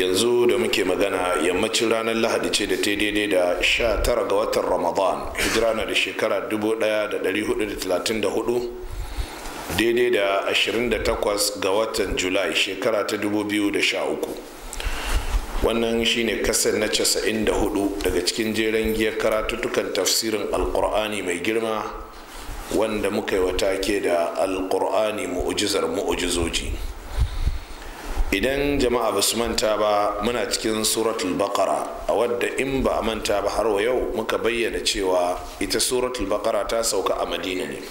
yanzu da muke magana yammacin ranar lahadi ce da ta daidai da sha tara ga watan ramadan hijira na da shekara 1434 daidai da 28 ga watan julai shekara ta 2013 wannan shine kasar na 94 daga cikin jeren giyar karatuttukan tafsirin alkur'ani mai girma wanda muka yi wata ke da alkur'ani mu'ujizar mu'ujizoji idan jama'a ba su manta ba muna cikin suratul bakara a wadda in ba a manta ba har wa yau muka bayyana cewa ita suratul bakara ta sauka a madina ne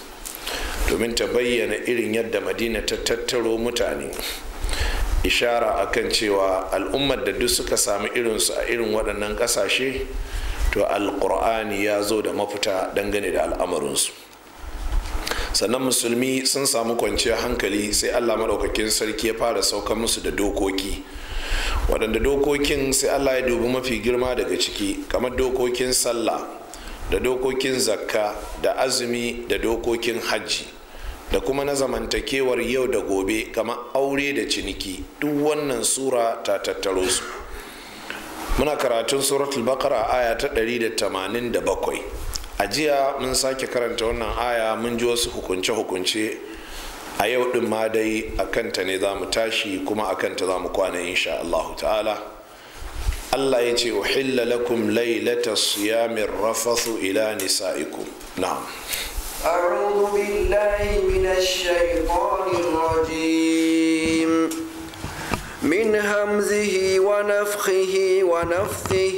domin ta bayyana irin yadda madina ta tattaro mutane ishara akan cewa al'ummar da duk suka sami irinsu a irin waɗannan ƙasashe to alƙur'ani ya zo da mafita dangane da al'amarinsu sannan musulmi sun samu kwanciyar hankali sai allah maɗaukakin sarki ya fara saukar musu da dokoki waɗanda dokokin sai allah ya dubi mafi girma daga ciki kamar dokokin sallah da dokokin zakka da azumi da dokokin hajji da kuma na zamantakewar yau da gobe kamar aure da ciniki duk wannan sura ta tattaro su muna karatun suratul bakara aya ta 187 a jiya mun sake karanta wannan aya mun ji wasu hukunce-hukunce a yau din ma dai a kanta ne za mu tashi kuma a kanta za mu kwana insha Allah ta'ala Allah ya ce uhilla lakum lailata siyamir rafasu ila nisa'ikum na'am أعوذ بالله من الشيطان الرجيم من همزه ونفخه ونفثه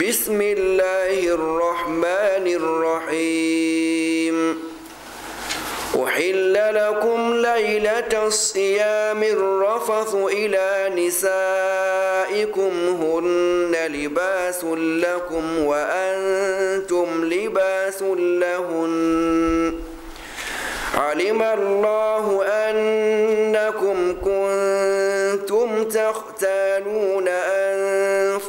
بسم الله الرحمن الرحيم أحل لكم ليلة الصيام الرفث إلى نسائكم هن لباس لكم وأنتم لباس لهن علم الله أنكم كنتم تختالون أن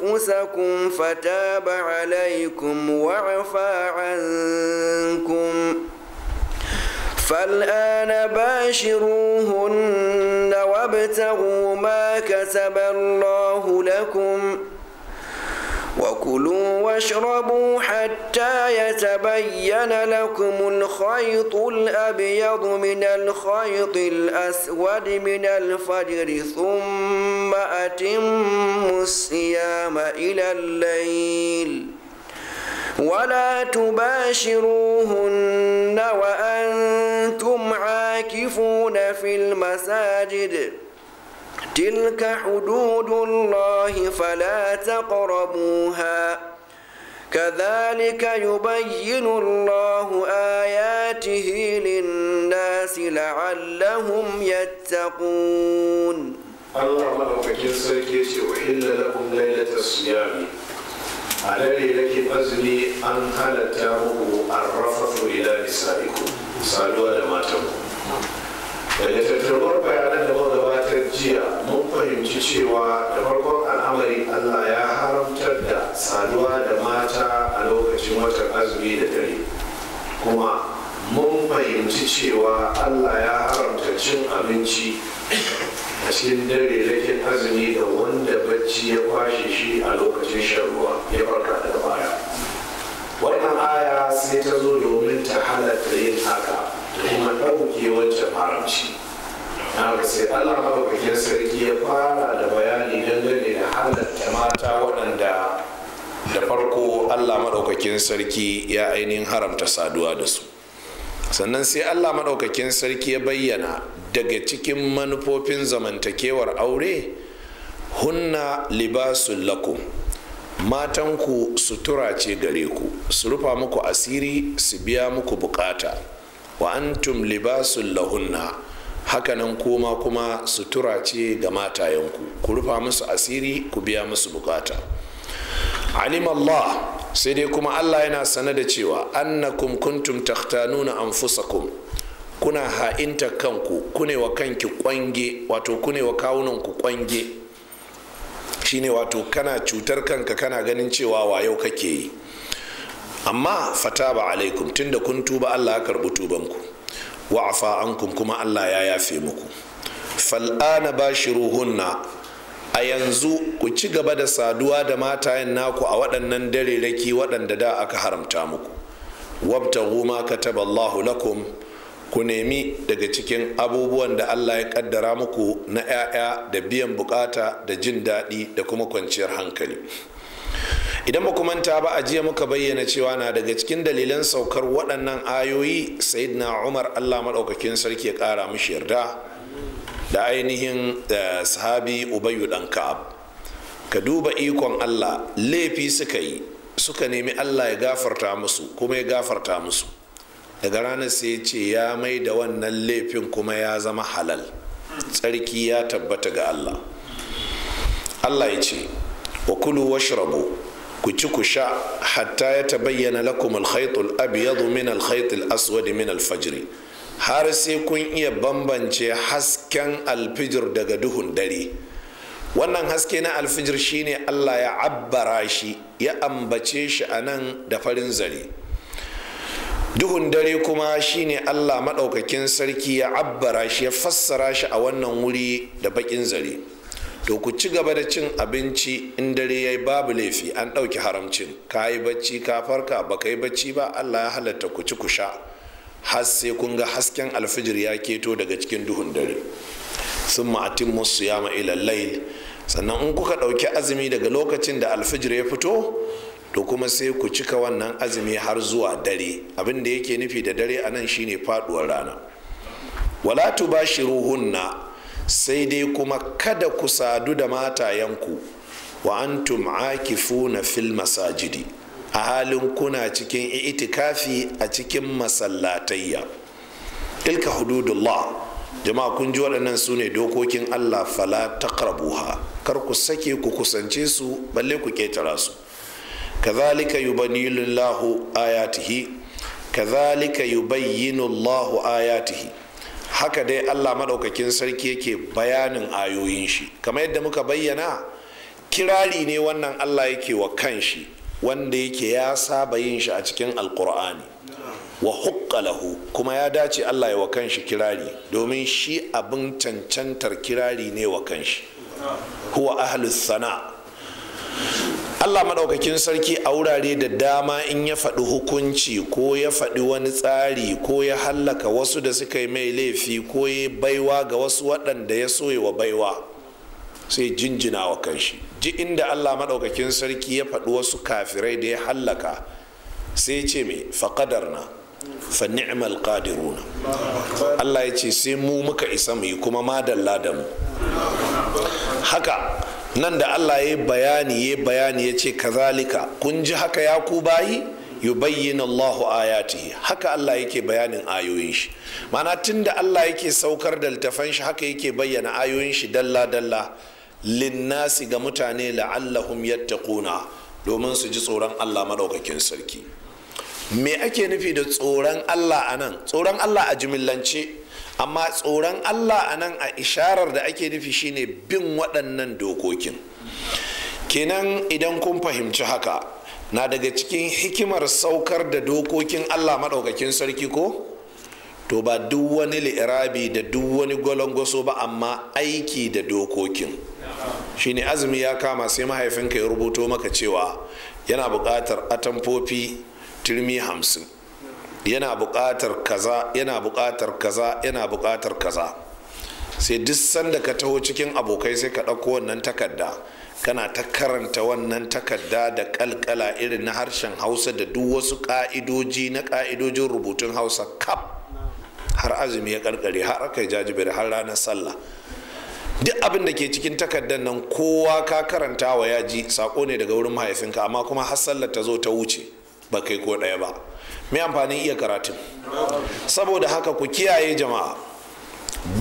أنفسكم فتاب عليكم وعفى عنكم فالآن باشروهن وابتغوا ما كسب الله لكم كلوا واشربوا حتى يتبين لكم الخيط الأبيض من الخيط الأسود من الفجر ثم أتموا الصيام إلى الليل ولا تباشروهن وأنتم عاكفون في المساجد تلك حدود الله فلا تقربوها كذلك يبين الله آياته للناس لعلهم يتقون الله مكين سيكيش سيحل لكم ليلة الصيام على ليلة أزلي أن هل الرفث إلى نسائكم صلوا على ما في ليلة يعلم أنا لغضبات الجيار fahimci cewa da farkon al'amari allah ya haramtar da saduwa da mata a lokacin watan azumi da dare kuma mun fahimci cewa allah ya haramta cin abinci a cikin dare rakin azumi da wanda bacci ya kwashe shi a lokacin shan ruwa ya farka daga baya wannan aya sai ta zo domin ta halatta yin haka da kuma ɗauke wancan haramci haka sai allah sarki ya fara da bayani dangane da halatta mata waɗanda da farko allah maɗaukakin sarki ya ainihin haramta saduwa da su sannan sai allah maɗaukakin sarki ya bayyana daga cikin manufofin zamantakewar aure hunna libasun lakum matanku sutura ce gare ku su rufa muku asiri su biya muku bukata wa antum libasun lahunna hakanan koma kuma sutura ce ga matayenku ku rufa musu asiri ku biya musu bukata alim Allah sai dai kuma Allah yana sane da cewa annakum kuntum takhtanuna anfusakum kuna ha'inta kanku kune wa kanki kwange wato kune wa kawunanku kwange shine wato kana cutar kanka kana ganin cewa wayo kake yi amma fata ba alaikum tunda kun tuba Allah ya karbi tubanku wa afa ankum kuma Allah ya yafe muku fal'ana ruhunna a yanzu ku ci gaba da saduwa da matayen naku a waɗannan dareraki waɗanda da aka haramta muku wabtar ma kataba Allahu lakum ku nemi daga cikin abubuwan da Allah ya kaddara muku na 'ya'ya da biyan bukata da jin daɗi da kuma kwanciyar hankali idan ba manta ba a jiya muka bayyana cewa na daga cikin dalilan saukar waɗannan ayoyi na umar allah maɗaukakin sarki ya ƙara mishi yarda da ainihin eh, sahabi ubayu ɗan ka'ab ka duba ikon allah laifi suka yi suka nemi allah ya gafarta musu kuma ya gafarta musu daga ranar sai ce ya mai da wannan laifin kuma ya zama halal tsarki ya tabbata ga allah allah ya ce wa kulu washrabu ku ci ku sha hatta ya tabayyana lakum alkhaytul abyadu min alkhaytil aswad min alfajri har sai kun iya bambance hasken alfijir daga duhun dare wannan haske na alfijir shine Allah ya abbara shi ya ambace shi a nan da farin zare duhun dare kuma shine Allah maɗaukakin sarki ya abbara shi ya fassara shi a wannan wuri da baƙin zare to ku ci gaba da cin abinci in dare yayi babu laifi an ɗauki haramcin ka yi bacci ka farka ba ka yi bacci ba allah ya halatta ku ci ku sha har sai kun ga hasken alfijir ya keto daga cikin duhun dare sun ma'atin musu ya ma'ila lail sannan in kuka ɗauki azumi daga lokacin da alfijir ya fito to kuma sai ku cika wannan azumi har zuwa dare abin da yake nufi da dare a nan shine faɗuwar rana wala tubashiruhunna sai dai kuma kada ku sadu da matayenku wa antum na fil masajidi a halin kuna cikin itikafi a cikin masallatayya ilka hududullah jama'a kun ji waɗannan su ne dokokin allah fala taqrabuha kar ku sake ku kusance su balle ku ketara su kazalika yubayyinullahu ayatihi kazalika yubayyinullahu ayatihi haka dai allah maɗaukakin sarki yake bayanin ayoyin shi kamar yadda muka bayyana kirari ne wannan allah yake wa kanshi wanda yake ya saba yin shi a cikin alkur'ani wa hukalahu kuma ya dace allah ya wa kanshi kirari domin shi abin cancantar kirari ne wa kanshi huwa ahlus sana allah maɗaukakin sarki a wurare da dama in ya faɗi hukunci ko ya faɗi wani tsari ko ya hallaka wasu da suka yi mai laifi ko ya baiwa ga wasu waɗanda ya soya wa baiwa sai jinjina wa kanshi ji inda allah maɗaukakin sarki ya faɗi wasu kafirai da ya hallaka sai ce mai faƙadarna fa ni'mal qadiruna allah ya ce sai mu muka isa mu kuma madalla da mu haka nan da Allah ya bayani ya bayani ya ce kazalika kun ji haka ya ku bayi yubayyin Allahu ayatihi haka Allah yake bayanin ayoyin shi mana tunda Allah yake saukar da littafan shi haka yake bayyana ayoyin shi dalla dalla linnasi ga mutane la'allahum yattaquna domin su ji tsoron Allah madaukakin sarki me ake nufi da tsoron Allah anan tsoron Allah a jimillance amma tsoron allah a nan a isharar da ake nufi shine bin waɗannan dokokin kenan idan kun fahimci haka na daga cikin hikimar saukar da dokokin allah maɗaukakin sarki ko to ba duk wani li'irabi da duk wani gwalangwaso ba amma aiki da dokokin shine azumi ya kama sai mahaifinka ya rubuto maka cewa yana buƙatar atamfofi turmi hamsin yana buƙatar kaza yana buƙatar kaza yana buƙatar kaza sai duk sanda ka taho cikin abokai sai ka ɗauko wannan takarda kana ta karanta wannan takarda da kalkala irin na harshen hausa da duk wasu ka'idoji na ka'idojin rubutun hausa kaf har azumi ya karkare har aka jajibir har ranar sallah duk abin da ke cikin takardar nan kowa ka karanta wa ya ji sako ne daga wurin mahaifinka amma kuma har sallar ta zo ta wuce ba kai ko ɗaya ba mai amfanin iya karatun saboda haka ku kiyaye jama'a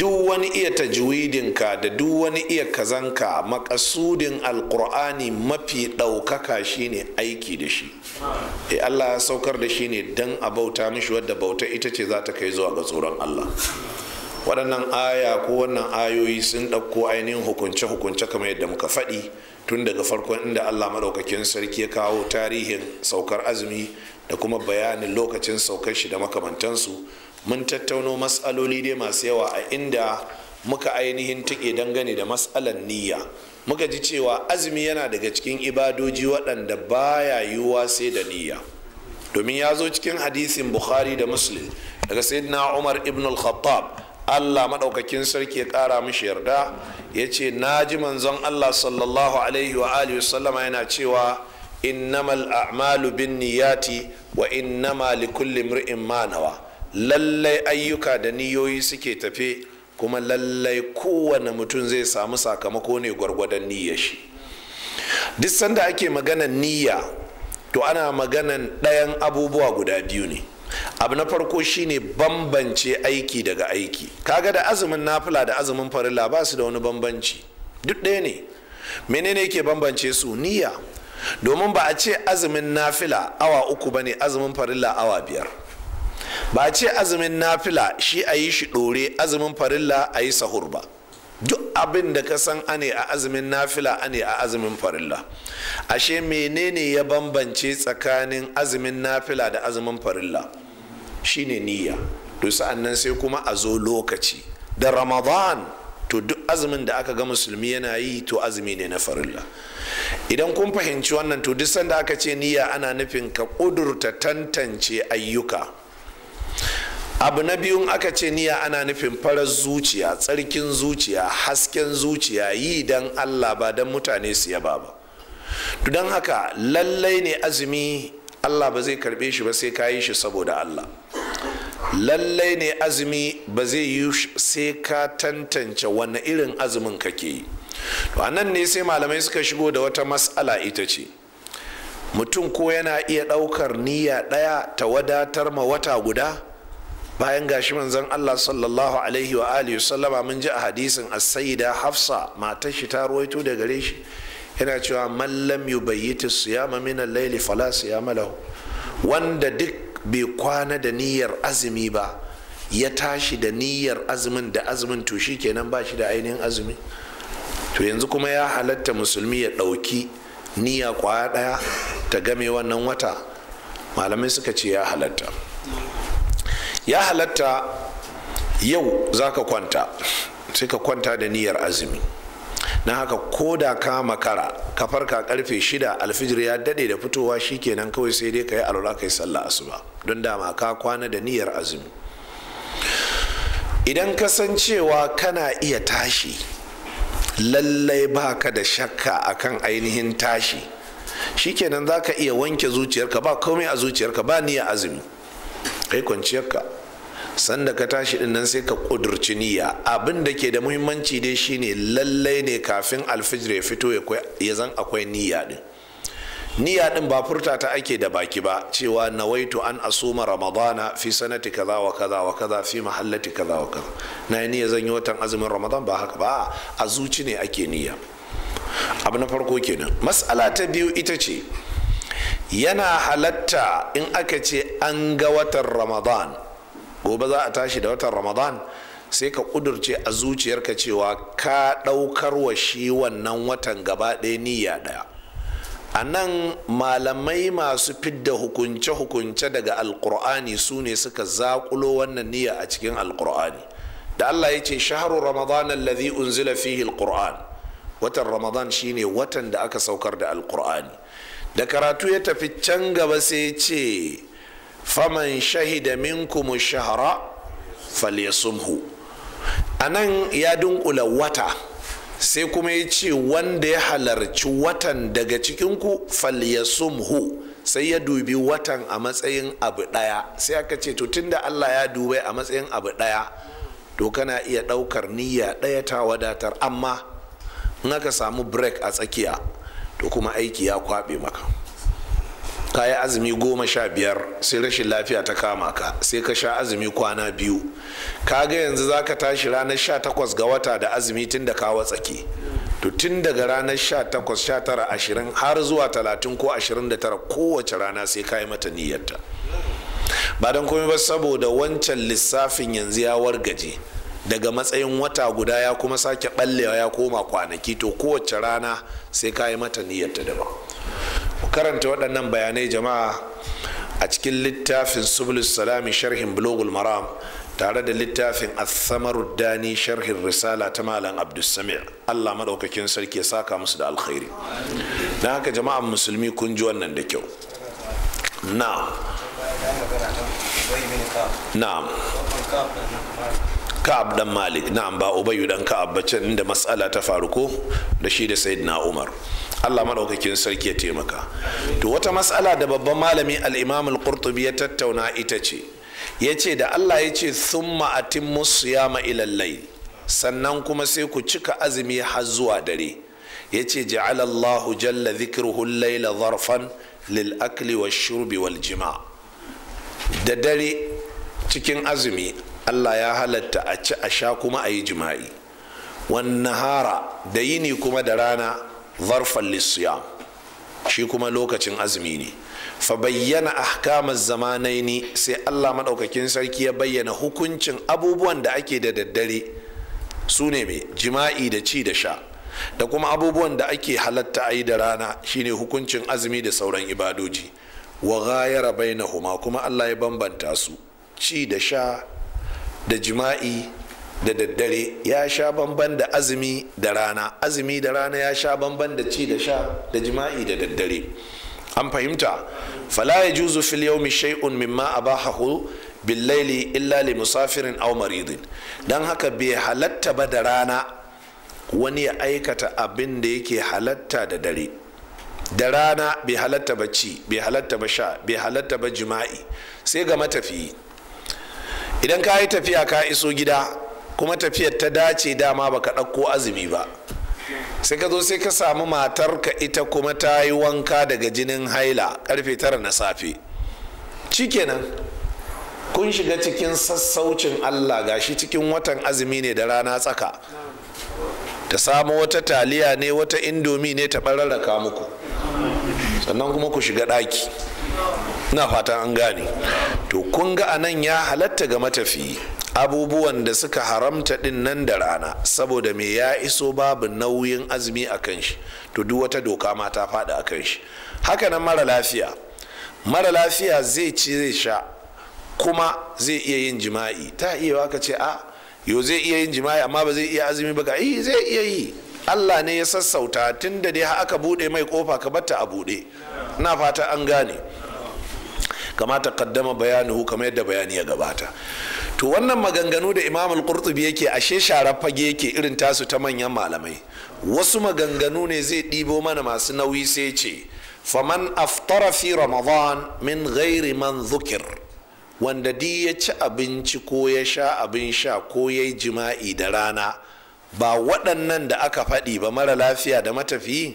duk wani iya tajwidinka da duk wani iya kazanka makasudin alkur'ani mafi ɗaukaka shine aiki da shi e allah ya saukar da shi ne don a bauta mishi wadda bauta ita ce za ta kai zuwa ga tsoron allah waɗannan aya ko wannan ayoyi sun ɗauko ainihin hukunce-hukunce kamar yadda muka faɗi tun daga farkon inda allah maɗaukakin sarki ya kawo tarihin saukar azumi da kuma bayanin lokacin saukar shi da makamantansu mun tattauno matsaloli dai masu yawa a inda muka ainihin tuke dangane da matsalan niyya muka ji cewa azumi yana daga cikin ibadoji waɗanda baya yiwuwa sai da niyya domin ya zo cikin hadisin bukhari da muslim daga sayyidina umar ibn al-khattab allah maɗaukakin sarki ya ƙara mishi yarda ya ce na ji manzon allah sallallahu alaihi wa alihi sallama yana cewa innamal a'malu bin niyati wa innama likulli imri'in ma nawa lallai ayyuka da niyoyi suke tafe kuma lallai kowane mutum zai samu sakamako ne gwargwadon niyyar shi duk sanda ake maganan niyya to ana maganan ɗayan abubuwa guda biyu ne abu na farko shine bambance aiki daga aiki kaga da azumin nafila da azumin farilla ba su da wani bambanci duk ɗaya ne menene ke bambance su niyya domin ba a ce azumin nafila awa uku ba ne azumin farilla awa biyar ba a ce azumin nafila shi a yi shi ɗore azumin farilla a yi sahur ba duk abin da ka san ane a azumin nafila ane a azumin farilla ashe menene ya bambance tsakanin azumin nafila da azumin farilla shine niyya to nan sai kuma a zo lokaci da ramadan to duk azumin da aka ga musulmi yana yi to azumi ne na farilla idan kun fahimci wannan to duk sanda aka ce niyya ana nufin ka kudurta tantance ayyuka abu na biyun aka ce niyya ana nufin farar zuciya tsarkin zuciya hasken zuciya yi don allah ba don mutane su yaba ba don haka lallai ne azumi allah ba zai karbe shi ba sai kayi shi saboda allah lallai ne azumi ba zai yi sai ka tantance wani irin azumin kake yi to nan ne sai malamai suka shigo da wata matsala ita ce mutum ko yana iya ɗaukar niyya ɗaya ta wadatar ma wata guda bayan gashi manzon Allah sallallahu alaihi wa alihi sallama mun ji a hadisin as-sayyida Hafsa matar shi ta ruwaito da gare shi yana cewa man lam yubayyitu siyama min al-layli fala siyama lahu wanda duk bai kwana da niyyar azumi ba ya tashi da niyyar azumin da azumin to kenan ba shi da ainihin azumi to yanzu kuma ya halatta musulmi ya ɗauki niyya kwaya ɗaya ta game wannan wata malamai suka ce ya halatta ya halatta yau za ka kwanta sai ka kwanta da niyyar azumi na haka ko da ka makara ka farka karfe shida alfijir ya dade da fitowa shikenan kawai sai dai ka yi alura ka yi sallah asuba don dama ka kwana da niyyar azumi idan kasancewa kana iya tashi lallai baka da shakka akan ainihin tashi shikenan za ka iya wanke zuciyarka ba komai a zuciyarka ba niyyar azumi kai kwanciyarka sanda ka tashi din nan sai ka kudurci niyya abin da ke da muhimmanci dai shine lallai ne kafin alfijir ya fito ya zan akwai niyya din niyya din ba furta ta ake da baki ba cewa nawaitu an asuma ramadana fi sanati kaza wa kaza wa kaza fi mahallati kaza wa kaza na niyya zan yi watan azumin ramadan ba haka ba a zuci ne ake niyya abu na farko kenan mas'ala ta biyu ita ce yana halatta in aka ce an ga watan ramadan gobe za a tashi da watan ramadan sai ka kudurce a zuciyarka cewa ka ɗaukar wa shi wannan watan gaba ɗaya niyya ɗaya a nan malamai masu fidda hukunce-hukunce daga alkur'ani su ne suka zaƙulo wannan niyya a cikin alkur'ani da allah ya ce shaharu ramadan alladhi unzila fihi alkur'an watan ramadan shine watan da aka saukar da alkur'ani da karatu ya tafi can gaba sai ya ce faman shahida minkum shahara falyasumhu a nan ya dunkula wata sai kuma ya ce wanda ya halarci watan daga cikinku falyasumhu sai ya dubi watan a matsayin abu ɗaya sai aka ce to tunda allah ya dube a matsayin abu ɗaya to kana iya ɗaukar niyya ɗaya ta wadatar amma in aka samu break a tsakiya to kuma aiki ya kwaɓe maka ka yi azumi goma sha biyar sai rashin lafiya ta kama ka sai ka sha azumi kwana biyu ka ga yanzu za ka tashi ranar sha takwas ga wata da azumi tun da kawo tsaki to tun daga ranar sha takwas sha tara ashirin har zuwa talatin ko ashirin da tara kowace rana sai ka yi mata niyyarta ba don komai ba saboda wancan lissafin yanzu ya wargaje daga matsayin wata guda ya kuma sake ballewa ya koma kwanaki to kowace rana sai ka yi mata niyyarta ta ba karanta waɗannan bayanai jama'a a cikin littafin subulus salami sharhin bulogul maram tare da littafin asamaru dani sharhin risala ta malam abdulsamir allah maɗaukakin sarki ya saka musu da alkhairi Na haka jama'an musulmi kun ji wannan da kyau Na. na'am ka'ab dan malik na'am ba ubayu dan ka'ab ba can da matsala ta faru ko da shi da sayyidina umar Allah madaukakin sarki ya taimaka to wata matsala da babban malami al-imam al-qurtubi ya tattauna ita ce yace da Allah yace thumma atimmu siyama ila al-layl sannan kuma sai ku cika azumi har zuwa dare yace ja'ala Allahu jalla dhikruhu al-layla zarfan lil akli wash-shurbi wal jima' da dare cikin azumi allah ya halatta a ci a sha kuma a yi jima'i wannahara da yini kuma da rana zarfan lissiyam shi kuma lokacin azumi ne fa bayyana ahkamar zamanai ne sai allah maɗaukakin sarki ya bayyana hukuncin abubuwan da ake da daddare su ne mai jima'i da ci da sha da kuma abubuwan da ake halatta a yi da rana shine hukuncin azumi da sauran ibadoji wa ghayara bainahuma kuma allah ya bambanta su ci da sha da jima'i da daddare ya sha bamban da azumi da rana azumi da rana ya sha bamban da ci da sha da jima'i da daddare an fahimta fala ya juzu fil yawmi shay'un mimma abahahu bil laili illa li musafirin aw maridin dan haka bai halatta ba da rana wani ya aikata abin da yake halatta da dare da rana bai halatta ba ci bai halatta ba sha bai halatta ba jima'i sai ga matafiyi idan ka yi tafiya ka iso gida kuma tafiyar ta dace dama baka ɗauko azumi ba sai ka zo sai ka samu ka ita kuma ta yi wanka daga jinin haila karfe tara na safe kenan kun shiga cikin sassaucin allah ga shi cikin watan azumi ne da rana tsaka ta samu wata taliya ne wata indomi ne ta ɓararraka muku sannan kuma ku shiga ɗaki na fatan an gane to kun ga anan ya halatta ga matafi abubuwan da suka haramta din nan da rana saboda me ya iso babu nauyin azumi a kan shi to duk wata doka ma ta faɗi a kan shi haka nan mara lafiya mara lafiya zai ci zai sha kuma zai iya yin jima'i ta iya waka ce a yo zai iya yin jima'i amma ba zai iya azumi ba ka eh zai iya yi Allah ne ya sassauta tun da dai aka bude mai kofa ka batta a bude. na fata an gane kamata kaddama bayanuhu kamar yadda bayani ya gabata to wannan maganganu da imam al-qurtubi yake ashe sharar fage yake irin tasu ta manyan malamai wasu maganganu ne zai ɗibo mana masu nauyi sai ce faman aftara fi ramadan min ghairi man zukir wanda di ya ci abinci ko ya sha abin sha ko ya yi jima'i da rana ba waɗannan da aka faɗi ba mara lafiya da matafiyi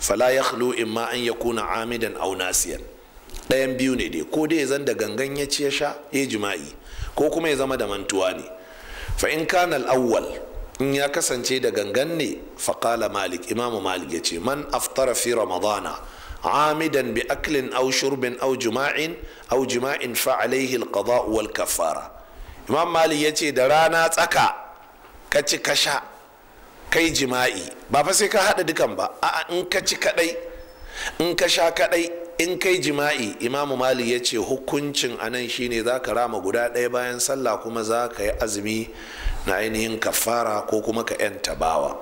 fala ya imma an yakuna amidan aunasiyan ɗayan biyu ne dai ko dai zan da gangan ya ci ya sha ya jima'i ko kuma ya zama da mantuwa ne fa in kana al'awwal in ya kasance da gangan ne faƙala malik imamu malik ya ce man aftara fi ramadana amidan bi aklin au shurbin au jima'in au jima'in fa alaihi wal kafara imam malik ya ce da rana tsaka ka ci ka sha kai jima'i ba fa sai ka haɗa dukan ba A'a in ka ci kaɗai in ka sha kaɗai in kai jima'i imamu mali ya ce hukuncin anan shine za ka rama guda ɗaya bayan sallah kuma za ka yi azumi na ainihin kafara ko kuma ka 'yan tabawa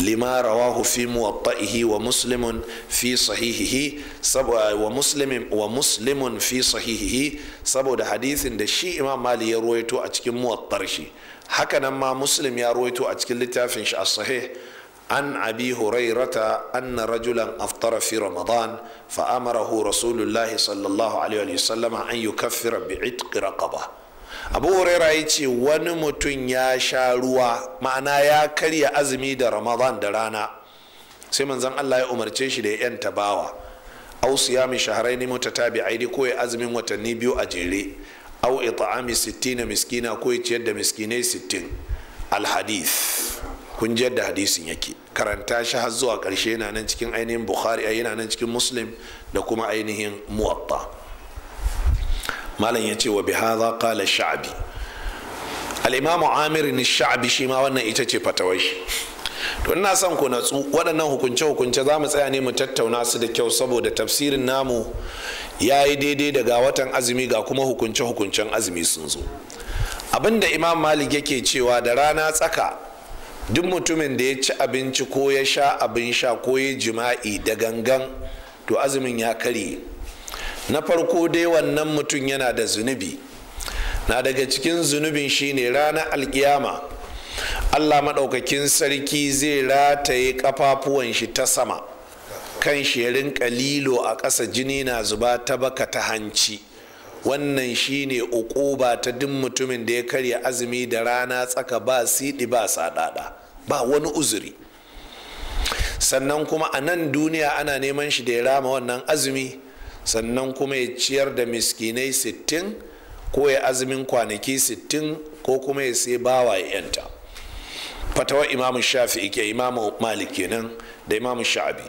lima rawahu fi muwatta'ihi wa muslimun fi sahihihi wa muslimin fi sahihihi saboda hadisin da shi imam mali ya ruwaito a cikin muwattar shi hakanan ma muslim ya ruwaito a cikin littafin shi a sahih an أبي هريرة أن رجلا أفطر في رمضان فأمره رسول الله صلى الله عليه وسلم أن يكفر بعتق رقبة abu huraira ya ce wani mutum ya sha ruwa ma'ana ya karya azumi da ramadan da rana sai manzon allah ya umarce shi da ya yanta bawa au siyami shaharaini mutatabi'aini ko ya azumin watanni biyu a jere au ita'ami sittina miskina ko ya ciyar da miskinai sittin alhadith kun da da hadisin yake karanta shi har zuwa karshe yana nan cikin ainihin bukhari yana nan cikin muslim da kuma ainihin muwatta malam ya ce wa bi hadha qala sha'bi al-imam amir ni sha'bi shi ma wannan ita ce fatawai shi to ina son ku natsu waɗannan hukunce hukunce za mu tsaya ne mu tattauna su da kyau saboda tafsirin namu ya yi daidai daga watan azumi ga kuma hukunce hukuncen azumi sun zo abinda imam malik yake cewa da rana tsaka duk mutumin da ya ci abinci ko ya sha abin sha ko ya jima'i da gangan to azumin ya karye na farko dai wannan mutum yana da zunubi na daga cikin zunubin shine ranar alkiyama allah maɗaukakin sarki zai rataye kafafuwan shi ta sama kan shirin kalilo a ƙasa jini na zuba ta baka ta hanci wannan shine Ukuba ta duk mutumin da ya karya azumi da rana tsaka ba siɗi ba saɗaɗa ba wani uzuri sannan kuma a nan duniya ana neman shi da ya rama wannan azumi sannan kuma ya ciyar da miskinai sittin ko ya azumin kwanaki sittin ko kuma ya sai bawa ya yanta fatawa imamu shafi'i ke imamu malik kenan da imamu sha'abi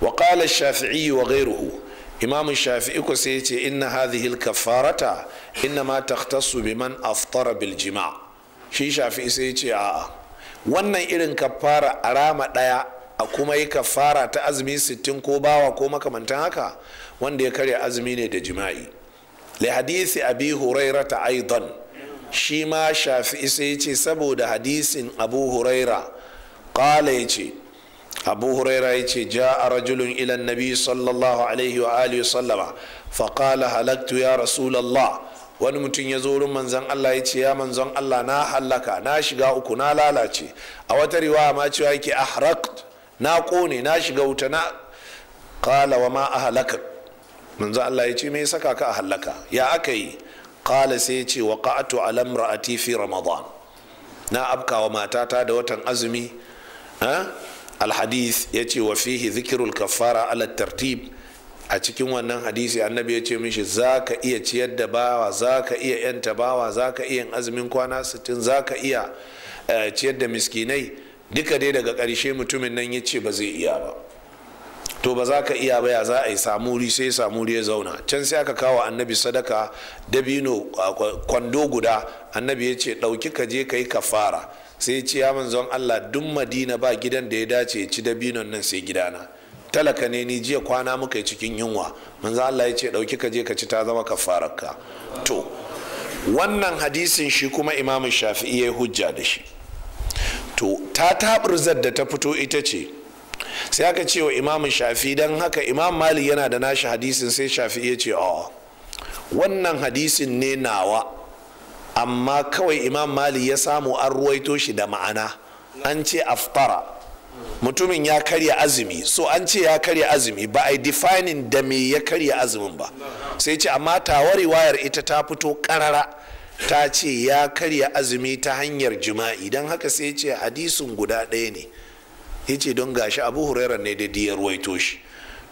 wa qala shafi'i wa ghairuhu imam shafi'i ko sai ce inna hadhihi al-kaffarata inna ma takhtassu biman aftara bil jima' shi shafi'i sai ce a'a wannan irin kaffara a rama daya a kuma yi kaffara ta azumi sittin ko bawa ko makamantan haka wanda ya karya azumi ne da jima'i li hadisi abi hurairata aidan shi ma shafi'i sai ce saboda hadisin abu huraira qala yace abu huraira ya ce a rajulun ilan nabi sallallahu alaihi wa alihi sallama faƙala halaktu ya rasulallah wani mutum ya zo wurin manzon Allah ya ce ya manzon Allah na hallaka na shiga uku na lalace a wata riwaya ma cewa yake ahraqt na kone na shiga wuta na qala wa ma ahlaka manzon Allah ya ce me saka ka a hallaka ya aka yi qala sai ya ce waqa'tu ala imra'ati fi ramadan na wa matata da watan azumi alhadis ya ce wa fihi zikirul kafara ala tartib a cikin wannan hadisi annabi ya ce mishi za ka iya ciyar da bawa za ka iya yanta bawa za ka iya azumin kwana 60 za ka iya eh, ciyar da miskinai duka dai daga ƙarshe mutumin nan ya ce ba zai iya ba to ba za ka iya ba ya za a yi samuri sai samuri ya zauna can sai aka kawo annabi sadaka dabino kwando guda annabi ya ce ɗauki ka je ka yi kafara sai ce ya manzon Allah duk madina ba gidan da ya dace ci dabinon nan sai gidana talaka ne ni jiya kwana muka yi cikin yunwa manzon Allah ya ce dauki ka je ka ci ta zama kafararka to wannan hadisin shi kuma imamu shafi'i ya hujja da shi to ta taɓurzar da ta fito ita ce sai aka ce wa imamu shafi don haka imam mali yana da nashi hadisin sai shafi'i ya ce a wannan hadisin ne nawa amma kawai imam mali ya samu an ruwaito shi da ma'ana an ce aftara mutumin ya karya azumi so an ce ya karya azumi ba a yi defining da me ya karya azumin ba sai ce amma ta wayar ita ta fito karara ta ce ya karya azumi ta hanyar jima'i don haka sai ce hadisin guda ɗaya ne ya ce don gashi abu hurairar ne da diyar ruwaito shi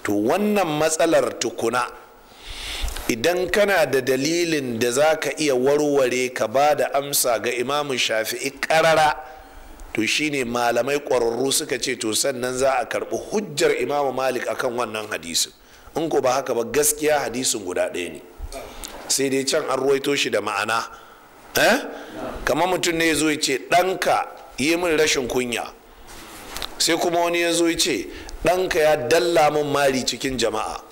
to wannan matsalar tukuna idan kana da dalilin da za ka iya warware ka ba da amsa ga imamun shafi'i karara to shine malamai ƙwararru suka ce to sannan za a karɓi hujjar imamu malik akan wannan hadisin in ko ba haka ba gaskiya hadisin guda ɗaya ne sai dai can an ruwaito shi da ma'ana eh kamar mutum ne ya zo ce ɗanka yi min rashin kunya sai kuma wani ya zo ce ɗanka ya dalla min mari cikin jama'a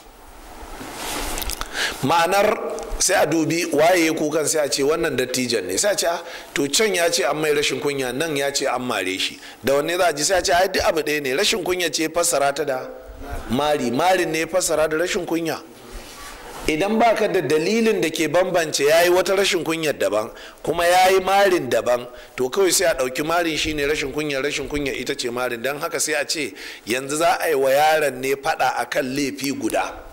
ma'anar sai a dubi waye ya kukan sai a ce wannan dattijan ne sai a ce ah, to can ya ce an mai rashin kunya nan ya ce an mare shi da wanne za a ji sai a ce a duk abu ɗaya ne rashin kunya ce fassara ta da mari marin ne fassara da rashin kunya idan baka da dalilin da ke bambance ya yi wata rashin kunyar daban kuma ya yi marin daban to kawai sai a ɗauki marin shine rashin kunyar rashin kunya ita ce marin don haka sai a ce yanzu za a yi wa yaron ne faɗa kan laifi guda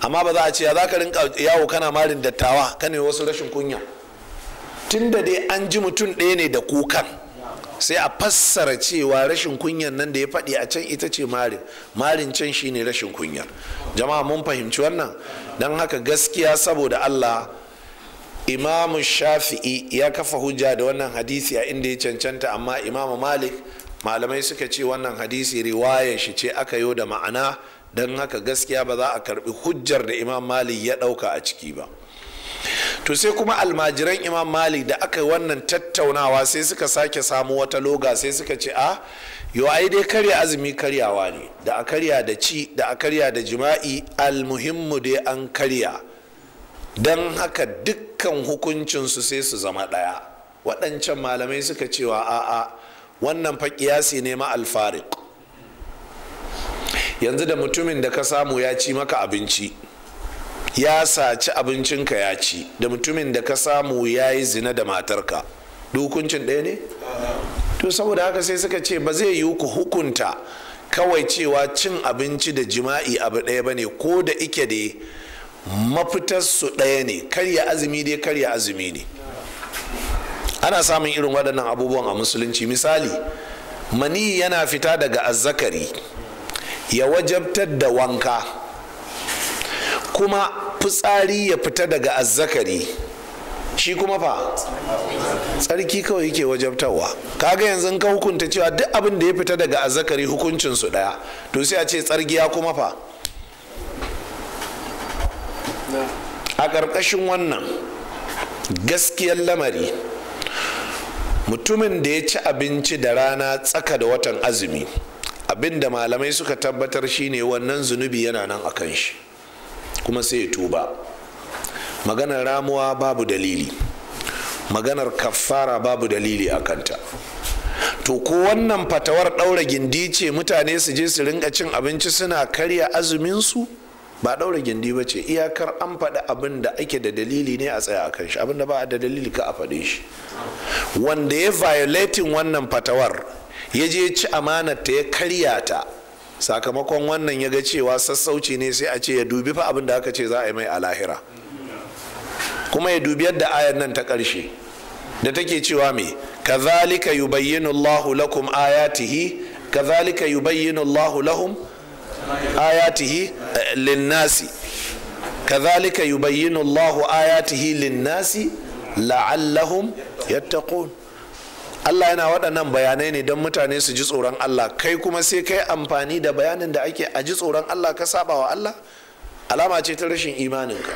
amma ba za a ce ya za ka rinka yawo kana marin dattawa ka ne wasu rashin kunya tunda dai an ji mutum ɗaya ne da kukan sai a fassara cewa rashin kunyan nan da ya faɗi a can ita ce marin marin can shine rashin kunyar jama'a mun fahimci wannan don haka gaskiya saboda allah imamu shafi'i ya kafa hujja da wannan hadisi a inda ya cancanta amma imamu malik malamai suka ce wannan hadisi riwayar shi ce aka yo da ma'ana don haka gaskiya ba za a karbi hujjar da imam malik ya dauka a ciki ba to sai kuma almajiran imam malik da aka wannan tattaunawa sai suka sake samu wata loga sai suka ce a ah, yo ai dai karya azumi karyawa ne da a karya da ci da a karya da jima'i almuhimmu dai an karya don haka dukkan hukuncinsu sai su zama ɗaya waɗancan malamai suka cewa a'a wannan fa ne ma alfarik yanzu da mutumin da ka samu ya ci maka abinci ya saci abincinka ya ci da mutumin da ka samu ya yi zina da matarka dukuncin ɗaya ne to saboda haka sai suka ce ba zai yi ku hukunta kawai cewa cin abinci da jima'i abu ɗaya ba ne ko da ike da mafitarsu ɗaya ne karya azumi dai karya azumi ne ana samun irin waɗannan abubuwan a musulunci misali mani yana fita daga azzakari ya wajabtar da wanka kuma fitsari ya fita daga azzakari shi kuma fa tsarki kawai yake wajabtarwa kaga yanzu ka hukunta cewa duk abin da ya fita daga azzakari hukuncin su daya to sai a ce tsargiya kuma fa a ƙarƙashin wannan gaskiyar lamari mutumin da ya ci abinci da rana tsaka da watan azumi Abin da malamai suka tabbatar shine wannan zunubi yana nan a kan shi kuma sai ya tuba maganar ramuwa babu dalili maganar kaffara babu dalili a kanta to ko wannan fatawar ɗaura gindi ce mutane su je su rinka cin abinci suna karya azuminsu ba ɗaura gindi ba ce iyakar an faɗi abin da ake da dalili ne a tsaya a kan shi abin da ba a da dalili ka a faɗe shi wanda ya violating wannan fatawar ya je ci amanar ta ya karya ta sakamakon wannan ya ga cewa sassauci ne sai a ce ya dubi fa abin da aka ce za a yi mai a lahira kuma ya dubi yadda ayan nan ta ƙarshe da take cewa me kazalika yubayyinu Allahu lakum ayatihi kazalika yubayyinu Allahu lahum ayatihi eh, linnasi kazalika yubayyinu Allahu ayatihi linnasi la'allahum yattaqun Allah yana waɗannan bayanai ne don mutane su ji tsoron Allah kai kuma sai kai amfani da bayanin da ake a ji tsoron Allah ka saba wa Allah alama ce ta rashin imaninka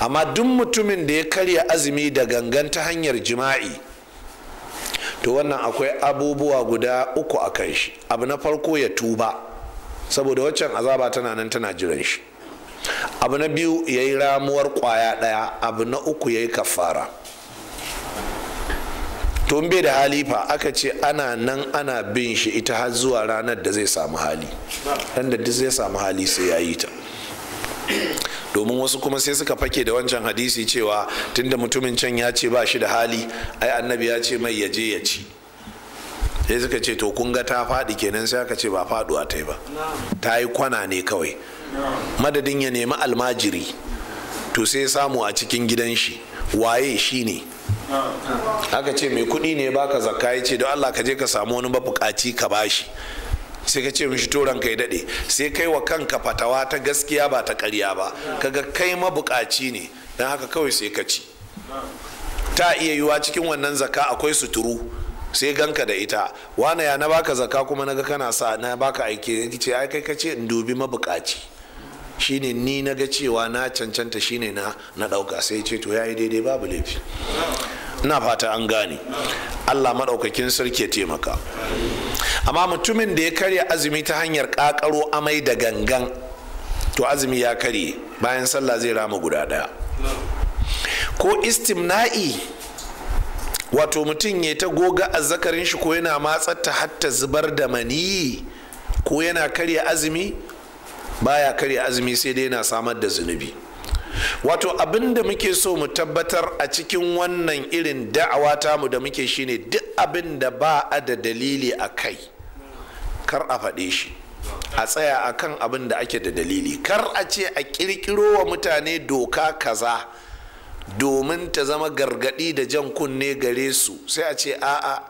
amma duk mutumin da ya karya azumi da gangan ta hanyar jima'i to wannan akwai abubuwa guda uku a kan shi abu na farko ya tuba saboda waccan azaba tana nan tana jiran shi abu na biyu ya yi ramuwar kwaya ɗaya abu na uku ya yi kafara tombe da hali fa aka ce ana nan ana bin shi ita har zuwa ranar da zai samu hali dan da duk zai samu hali sai ya yi ta domin wasu kuma sai suka fake da wancan hadisi cewa tunda mutumin can ya ce ba shi da hali ai annabi ya ce mai yaje je ya ci sai suka ce to kun ga ta faɗi kenan sai aka ce ba faɗuwa ta yi ba ta yi kwana ne kawai madadin ya nemi almajiri to sai samu a cikin gidan shi waye shi ne aka ce mai kuɗi ne baka zakka ya ce don Allah ka je ka samu wani mabukaci ka bashi sai ka ce mishi toron ya dade sai kai wa kanka fatawa ta gaskiya ba ta karya ba kaga kai mabukaci ne don haka kawai sai ka ci ta iya yiwa cikin wannan zaka akwai suturu sai ganka da ita wane ya na baka zaka kuma na ga kana sa na baka aiki ce ai kai ka ce in dubi mabukaci shine ni na ga cewa na cancanta shine na na dauka sai ce to yayi daidai babu laifi ina fata an gane allah maɗaukakin sarki ya taimaka amma mutumin da ya karya azumi ta hanyar ƙaƙaro amai da gangan to azumi ya karye bayan sallah zai rama guda ɗaya ko istimna'i wato mutum ya ta goga azzakarin shi ko yana matsar hatta zubar da maniyi ko yana karya azumi baya karya azumi sai dai yana samar da zunubi wato abin da muke so mu tabbatar a cikin wannan irin da'awa mu da muke shine duk abin da ba a da dalili a kai kar a faɗe shi a tsaya a kan abin da ake da dalili kar a ce a ƙirƙiro wa mutane doka kaza domin ta zama gargaɗi da jan kunne gare su sai a ce a'a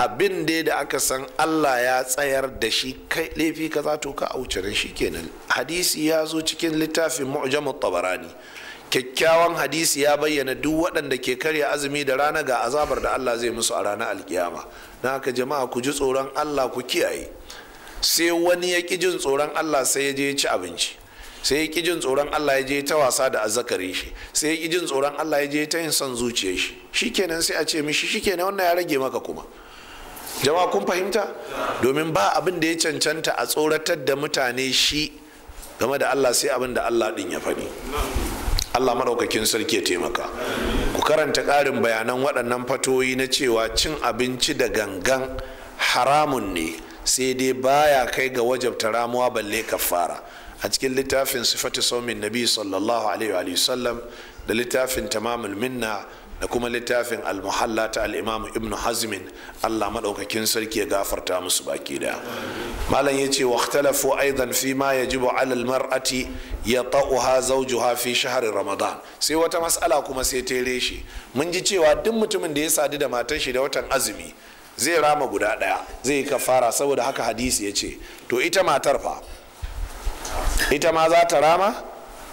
abin da da aka san Allah ya tsayar da shi kai laifi ka za to ka aucirin shi kenan hadisi ya zo cikin littafin mu'jamut tabarani kyakkyawan hadisi ya bayyana duk waɗanda ke karya azumi da rana ga azabar da Allah zai musu a ranar alkiyama na haka jama'a ku ji tsoron Allah ku kiyaye sai wani ya ƙi jin tsoron Allah sai ya je ya ci abinci sai ya ƙi jin tsoron Allah ya je ta wasa da azzakari shi sai ya ƙi jin tsoron Allah ya je ta yin son zuciyar shi shikenan sai a ce mishi shikenan wannan ya rage maka kuma jama'a kun fahimta domin ba abin da ya cancanta a tsoratar da mutane shi game da allah sai abin da allah din ya faɗi allah maraukakin sarki ya taimaka ku karanta ƙarin bayanan waɗannan fatoyi na cewa cin abinci da gangan haramun ne sai dai baya kai ga wajabta ramuwa balle kafara a cikin littafin sifatu saumin nabi sallallahu alaihi wa sallam da littafin tamamul minna da kuma littafin almuhalla ta Al al'imamu ibnu hazmin allah maɗaukakin sarki ya gafarta musu baki da malam ya ce waktalafu aidan fi ma ya jibu alal mar'ati ya ta'uha zaujuha fi shaharin ramadan sai wata masala kuma sai tere shi mun ji cewa duk mutumin da ya sadu da matar shi da watan azumi zai rama guda daya. zai yi kafara saboda haka hadisi ya ce to ita matar fa ita ma za ta rama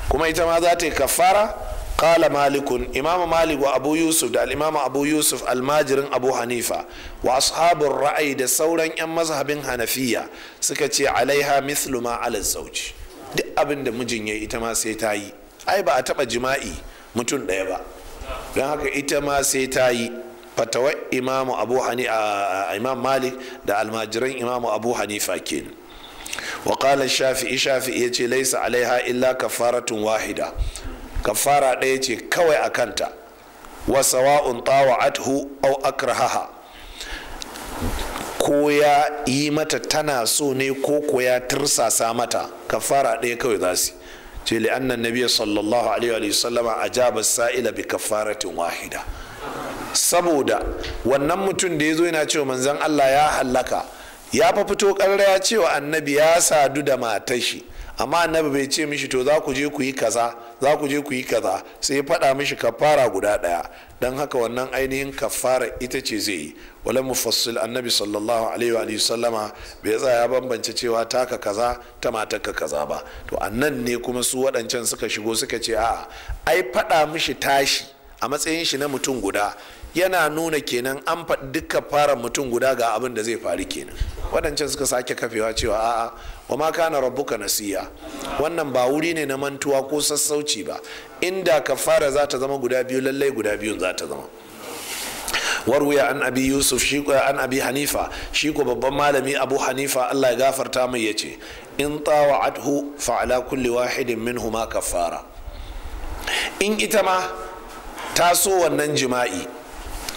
kuma ita ma za ta yi kafara qala malikun imamu malik wa abu yusuf da al'imamu abu yusuf almajirin abu hanifa wa ashabun ra'ayi da sauran 'yan mazhabin hanafiya suka ce alaiha mithlu ma ala zauji duk abin da mijin ya ita ma sai ta yi ai ba a taba jima'i mutum ɗaya ba don haka ita ma sai ta yi fatawa imamu abu imam malik da almajiran imamu abu hanifa kenan وقال shafi'i شافعي يجي laisa alaiha illa kafaratun wahida. kafara ɗaya ce kawai a kanta wa sawa'un tawa'athu au akrahaha ko ya yi mata tana so ne ko ko ya tirsasa mata kafara ɗaya kawai za su ce li annan sallallahu alaihi wa sallama jabar sa'ila bi kafaratin wahida saboda wannan mutum da ya zo yana cewa manzan Allah ya hallaka ya fa fito karra ya cewa annabi ya sadu da matashi. shi amma annabi bai ce mishi to za ku je ku yi kaza za ku je ku yi kaza sai ya faɗa mishi kafara guda ɗaya don haka wannan ainihin kafara ita ce zai yi wala mufassil annabi sallallahu alaihi wa sallama bai tsaya bambance cewa taka kaza ta ka kaza ba to annan ne kuma su waɗancan suka shigo suka ce a'a ai faɗa mishi tashi a matsayin shi na mutum guda yana nuna kenan an faɗi duka fara mutum guda ga abin da zai faru kenan waɗancan suka sake kafewa cewa a'a wa ma kana rabbuka nasiya wannan ba wuri ne na mantuwa ko sassauci ba inda ka fara za ta zama guda biyu lallai guda biyun za ta zama warwaya an abi yusuf shi an abi hanifa shi ko babban malami abu hanifa allah ya gafarta mai ya ce in adhu fa ala kulli wahidin ka kafara in ita ma ta so wannan jima'i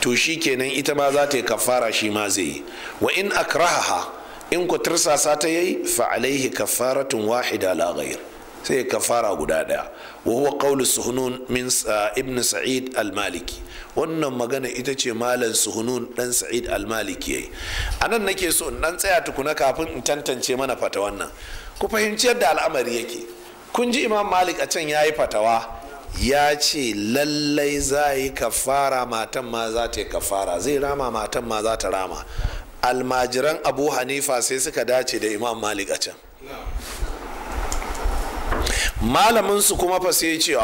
to shi kenan ita ma za ta yi kafara shi ma zai yi wa in akraha in ku tirsasa ta yayi fa alaihi kafaratun wahida la ghair sai kafara guda daya wa huwa qawlu suhunun min ibn sa'id al-maliki wannan magana ita ce malam suhunun dan sa'id al-maliki yayi anan nake so in dan tsaya tukuna kafin in tantance mana fata wannan ku fahimci yadda al'amari yake kun ji imam malik a can yayi fatawa ya ce lallai za yi kafara matan ma za ta yi kafara zai rama matan ma za ta rama almajiran abu hanifa sai suka dace da imam malik a can Malamin su kuma fa sai ce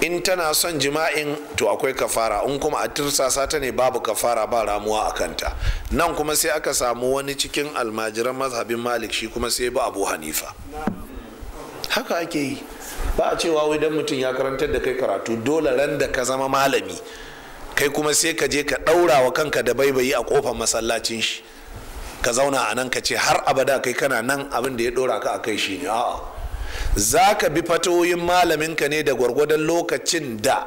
in tana son jima'in to akwai kafara in kuma a tirsasa ta ne babu kafara ba ramuwa a kanta nan kuma sai aka samu wani cikin almajiran mazhabin malik shi kuma sai ba abu hanifa haka ake yi ba a cewa wai dan mutum ya karantar da kai karatu dole ran da ka zama malami kai kuma sai ka je ka ɗaura wa kanka da baibayi a kofar masallacin shi ka zauna a nan ka ce har abada kai kana nan abin da ya ɗora ka a kai shi ne a'a za ka bi fatoyin malaminka ne da gwargwadon lokacin da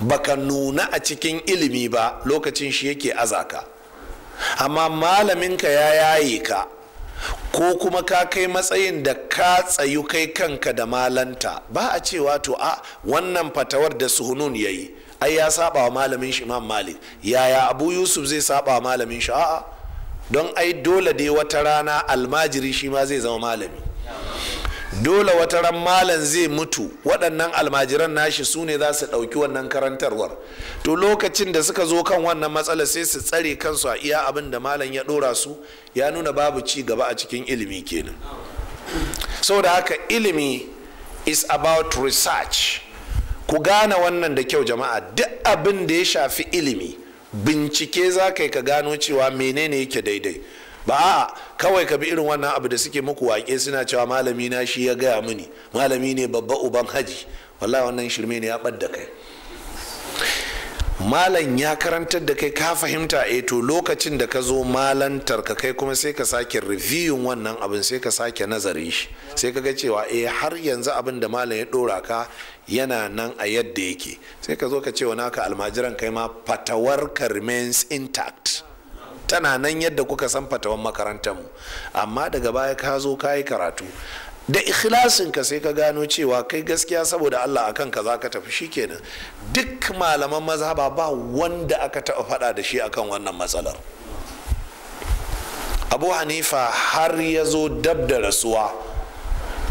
baka nuna a cikin ilimi ba lokacin shi yake azaka amma malaminka ya yaye ka ko kuma ka kai matsayin da ka tsayu kai kanka da malanta ba a cewa to a wannan fatawar da suhunun ya yi ai ya saba wa malamin shi imam malik yaya abu yusuf zai saba wa malamin shi a'a don ai dole dai wata rana almajiri shi ma zai zama malami dole wata ran malam zai mutu waɗannan almajiran nashi su ne za su ɗauki wannan karantarwar to lokacin da suka zo kan wannan matsala sai su tsare kansu a iya abin da malam ya ɗora su ya nuna babu ci gaba a cikin ilimi kenan saboda haka ilimi is about research ku gane wannan da kyau jama'a duk abin da ya shafi ilimi bincike za ka ka gano cewa menene yake daidai ba a kawai ka bi irin wannan abu da suke muku wake suna cewa malami na shi ya gaya mini malami ne babba uban haji wallahi wannan shirme ne ya da kai malam ya karantar da kai ka fahimta e to lokacin da ka zo malantar ka kai kuma sai ka sake reviewin wannan abin sai ka sake nazarin shi sai ka ga cewa e har yanzu abin da malam ya dora ka yana nan a yadda yake sai ka zo ka ce wa naka almajiran kai ma fatawar ka remains intact tana nan yadda kuka san fatawar makarantar mu amma daga baya ka zo ka yi karatu da ikhlasin ka sai ka gano cewa kai gaskiya saboda Allah akan ka za ka tafi shi shikenan duk malaman mazhaba ba wanda aka taɓa faɗa da shi akan wannan matsalar abu hanifa har ya zo dab da rasuwa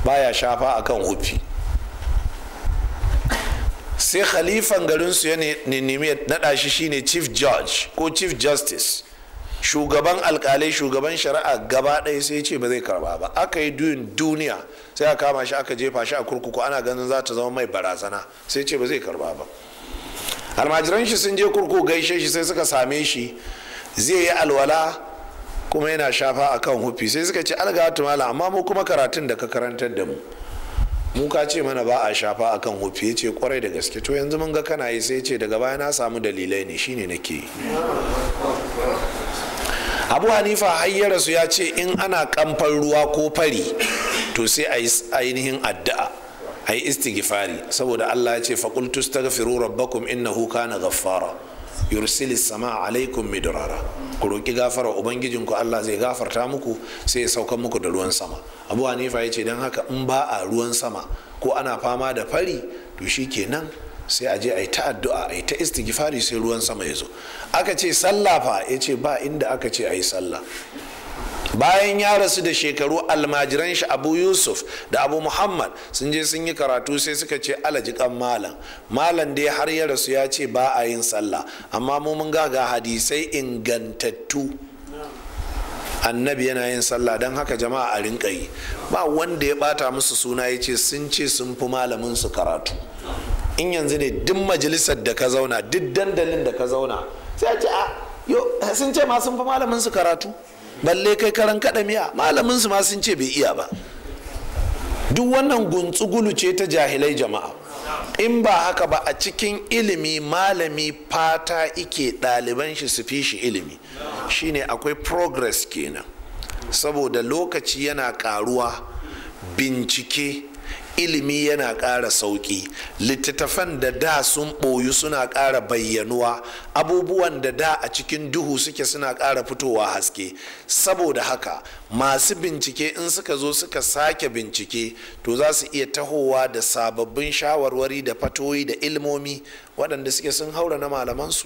baya shafa akan hufi sai khalifan garinsu ya nemi ya naɗa shi shine chief judge ko chief justice shugaban alkalai shugaban shari'a gaba ɗaya sai ce ba zai karba ba aka yi duyin duniya sai aka kama shi aka jefa shi a kurkuku ana ganin za ta zama mai barazana sai ce ba zai karba ba almajiran shi sun je kurkuku gaishe shi sai suka same shi zai yi alwala kuma yana shafa akan hufi sai suka ce alga malam amma mu kuma karatun da ka karantar da mu mu ka ce mana ba a shafa akan hufi ya ce kwarai da gaske to yanzu mun ga kana yi sai ce daga baya na samu dalilai ne shine nake ke. abu hanifa hayyara su ya ce in ana kamfan ruwa ko fari to sai a yi ainihin addu'a a yi istighfari saboda allah ya ce faƙultus ta gafiru rabbakum innahu kana gaffara yursili sama alaikum midrara ku roki gafara ku Allah zai gafarta muku sai ya saukar muku da ruwan sama Abu Hanifa ya ce dan haka in ba a ruwan sama ko ana fama da fari to shikenan sai a je a yi ta addu'a a yi ta istighfari sai ruwan sama ya zo aka ce sallah fa ya ce ba inda aka ce a yi sallah bayan ya rasu da shekaru almajiran shi abu yusuf da abu muhammad sun je sun yi karatu sai suka ce Alaji kan malam malam dai har ya rasu ya ce ba a yin sallah amma mu mun gaga hadisai ingantattu annabi yana yin sallah don haka jama'a a rinka yi ba wanda ya bata musu suna ya ce sun ce sun fi malamin su karatu in yanzu ne duk majalisar da ka zauna duk dandalin da ka zauna sai a ce a ah, sun ce ma sun fi malamin su karatu balle kai karan kaɗa miya malamin su ma sun ce bai iya ba duk wannan guntsugulu ce ta jahilai jama'a in ba haka ba a cikin ilimi malami fata ike ɗaliban shi su fi shi ilimi shine akwai progress kenan saboda lokaci yana karuwa bincike ilimi yana ƙara sauƙi littattafan da da sun ɓoyu suna ƙara bayyanuwa abubuwan da da a cikin duhu suke suna ƙara fitowa haske saboda haka masu bincike in suka zo suka sake bincike to za su iya tahowa da sababbin shawarwari da fatoyi da ilmomi waɗanda suke sun haura na malamansu.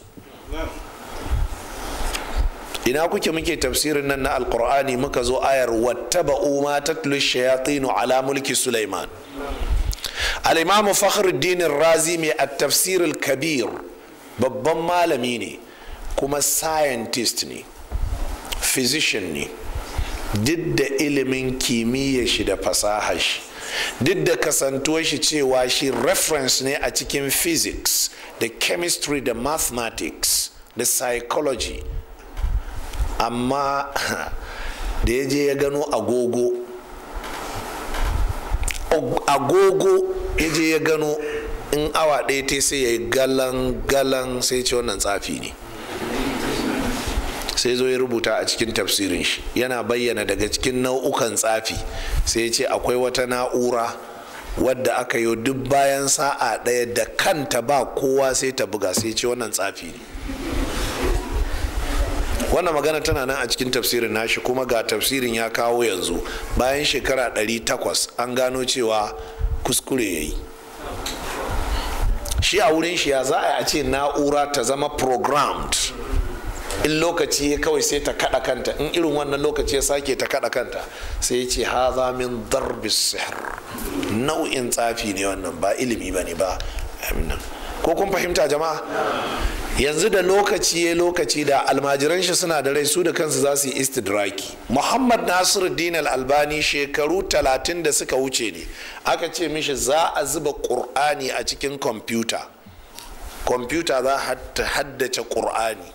ina kuke muke tafsirin nan na alkur'ani muka zo ayar wattaba'u ma tatlu shayatinu ala mulki sulaiman al-imamu fakhruddin razi mai at-tafsir al-kabir babban malami ne kuma scientist ne physician ne duk da ilimin kimiyya shi da fasaha shi duk da kasantuwar shi cewa shi reference ne a cikin physics da chemistry da mathematics da psychology amma da ya je ya gano agogo agogo ya je ya gano in awa ɗaya ta sai ya yi galan galan sai ce wannan tsafi ne sai zo ya rubuta a cikin tafsirin shi yana bayyana daga cikin nau'ukan tsafi sai ya ce akwai wata na'ura wadda aka yi duk bayan sa'a ɗaya da kanta ba kowa sai ta buga sai ce wannan tsafi ne wannan magana tana nan a cikin tafsirin nashi kuma ga tafsirin ya kawo yanzu bayan shekara 800 an gano cewa kuskure ya yi shi a wurin shi ya za a ce na'ura ta zama programmed in lokaci ya kawai sai ta kada kanta in irin wannan lokaci ya sake ta kada kanta sai ya ce haza min darbis sihr nau'in tsafi ne wannan ba ilimi ba ne ba ko kun fahimta jama'a yanzu da lokaci ya lokaci da almajiran shi suna da rai su da kansu za su yi istidraki muhammad nasiru nasiruddin albani shekaru talatin da suka wuce ne aka ce mishi za a zuba ƙur'ani a cikin kwamfuta kwamfuta za a haddace ƙur'ani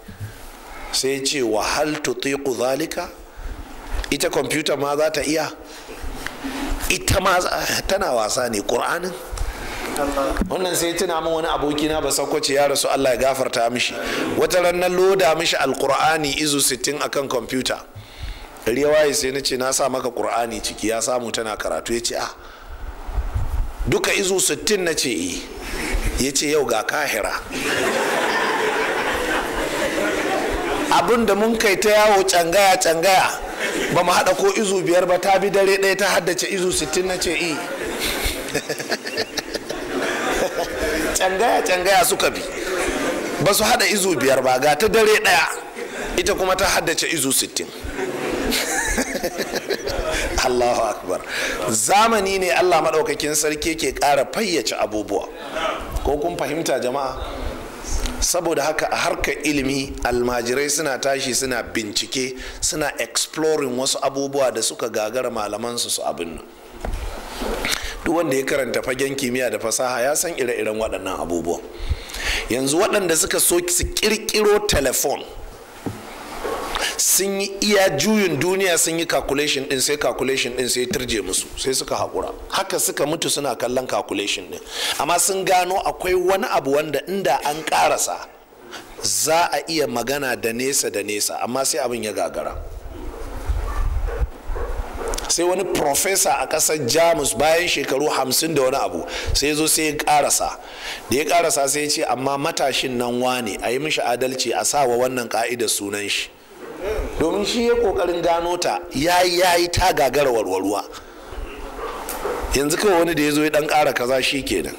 sai ce wahal tutiku zalika ita kwamfuta ma za ta iya ita ma tana wasa ne ƙur'anin wannan sai tuna min wani abokina ba sakwace ya rasu allah ya gafarta mishi wata ran na loda mishi alkur'ani izu 60 akan kwamfuta gari sai na ce na sa maka qur'ani ciki ya samu tana karatu ya ce a ah, duka izu 60 na ce eh ya ce yau ga kahira abin da mun kai ta yawo cangaya cangaya ba mu haɗa ko izu biyar ba ta bi dare ɗaya ta haddace izu 60 na ce i eh. cangaya cangaya suka bi ba su hada izu biyar ba ga ta dare daya ita kuma ta haddace izu sittin allahu akbar zamani ne allah maɗaukakin sarki ke ƙara fayyace abubuwa ko kun fahimta jama'a saboda haka a harkar ilimi almajirai suna tashi suna bincike suna exploring wasu abubuwa da suka gagara malamansu su abin duk wanda ya karanta fagen kimiyya da fasaha ya san ire-iren waɗannan abubuwan yanzu waɗanda suka so su ƙirƙiro telefon sun yi iya juyin duniya sun yi calculation din sai calculation din sai turje musu sai suka haƙura haka suka mutu suna kallon calculation din amma sun gano akwai wani abu wanda inda an ƙarasa za a iya magana da nesa da nesa amma sai abin ya gagara sai wani profesa a kasar jamus bayan shekaru hamsin da wani abu sai zo sai ya karasa da ya karasa sai ya ce amma matashin nan wane a yi mishi adalci a sawa wannan ka'idar sunan shi domin shi ya kokarin gano ta ya yi ya yi ta gagara warwarwa yanzu kawai wani da ya zo ya dan kara kaza shi kenan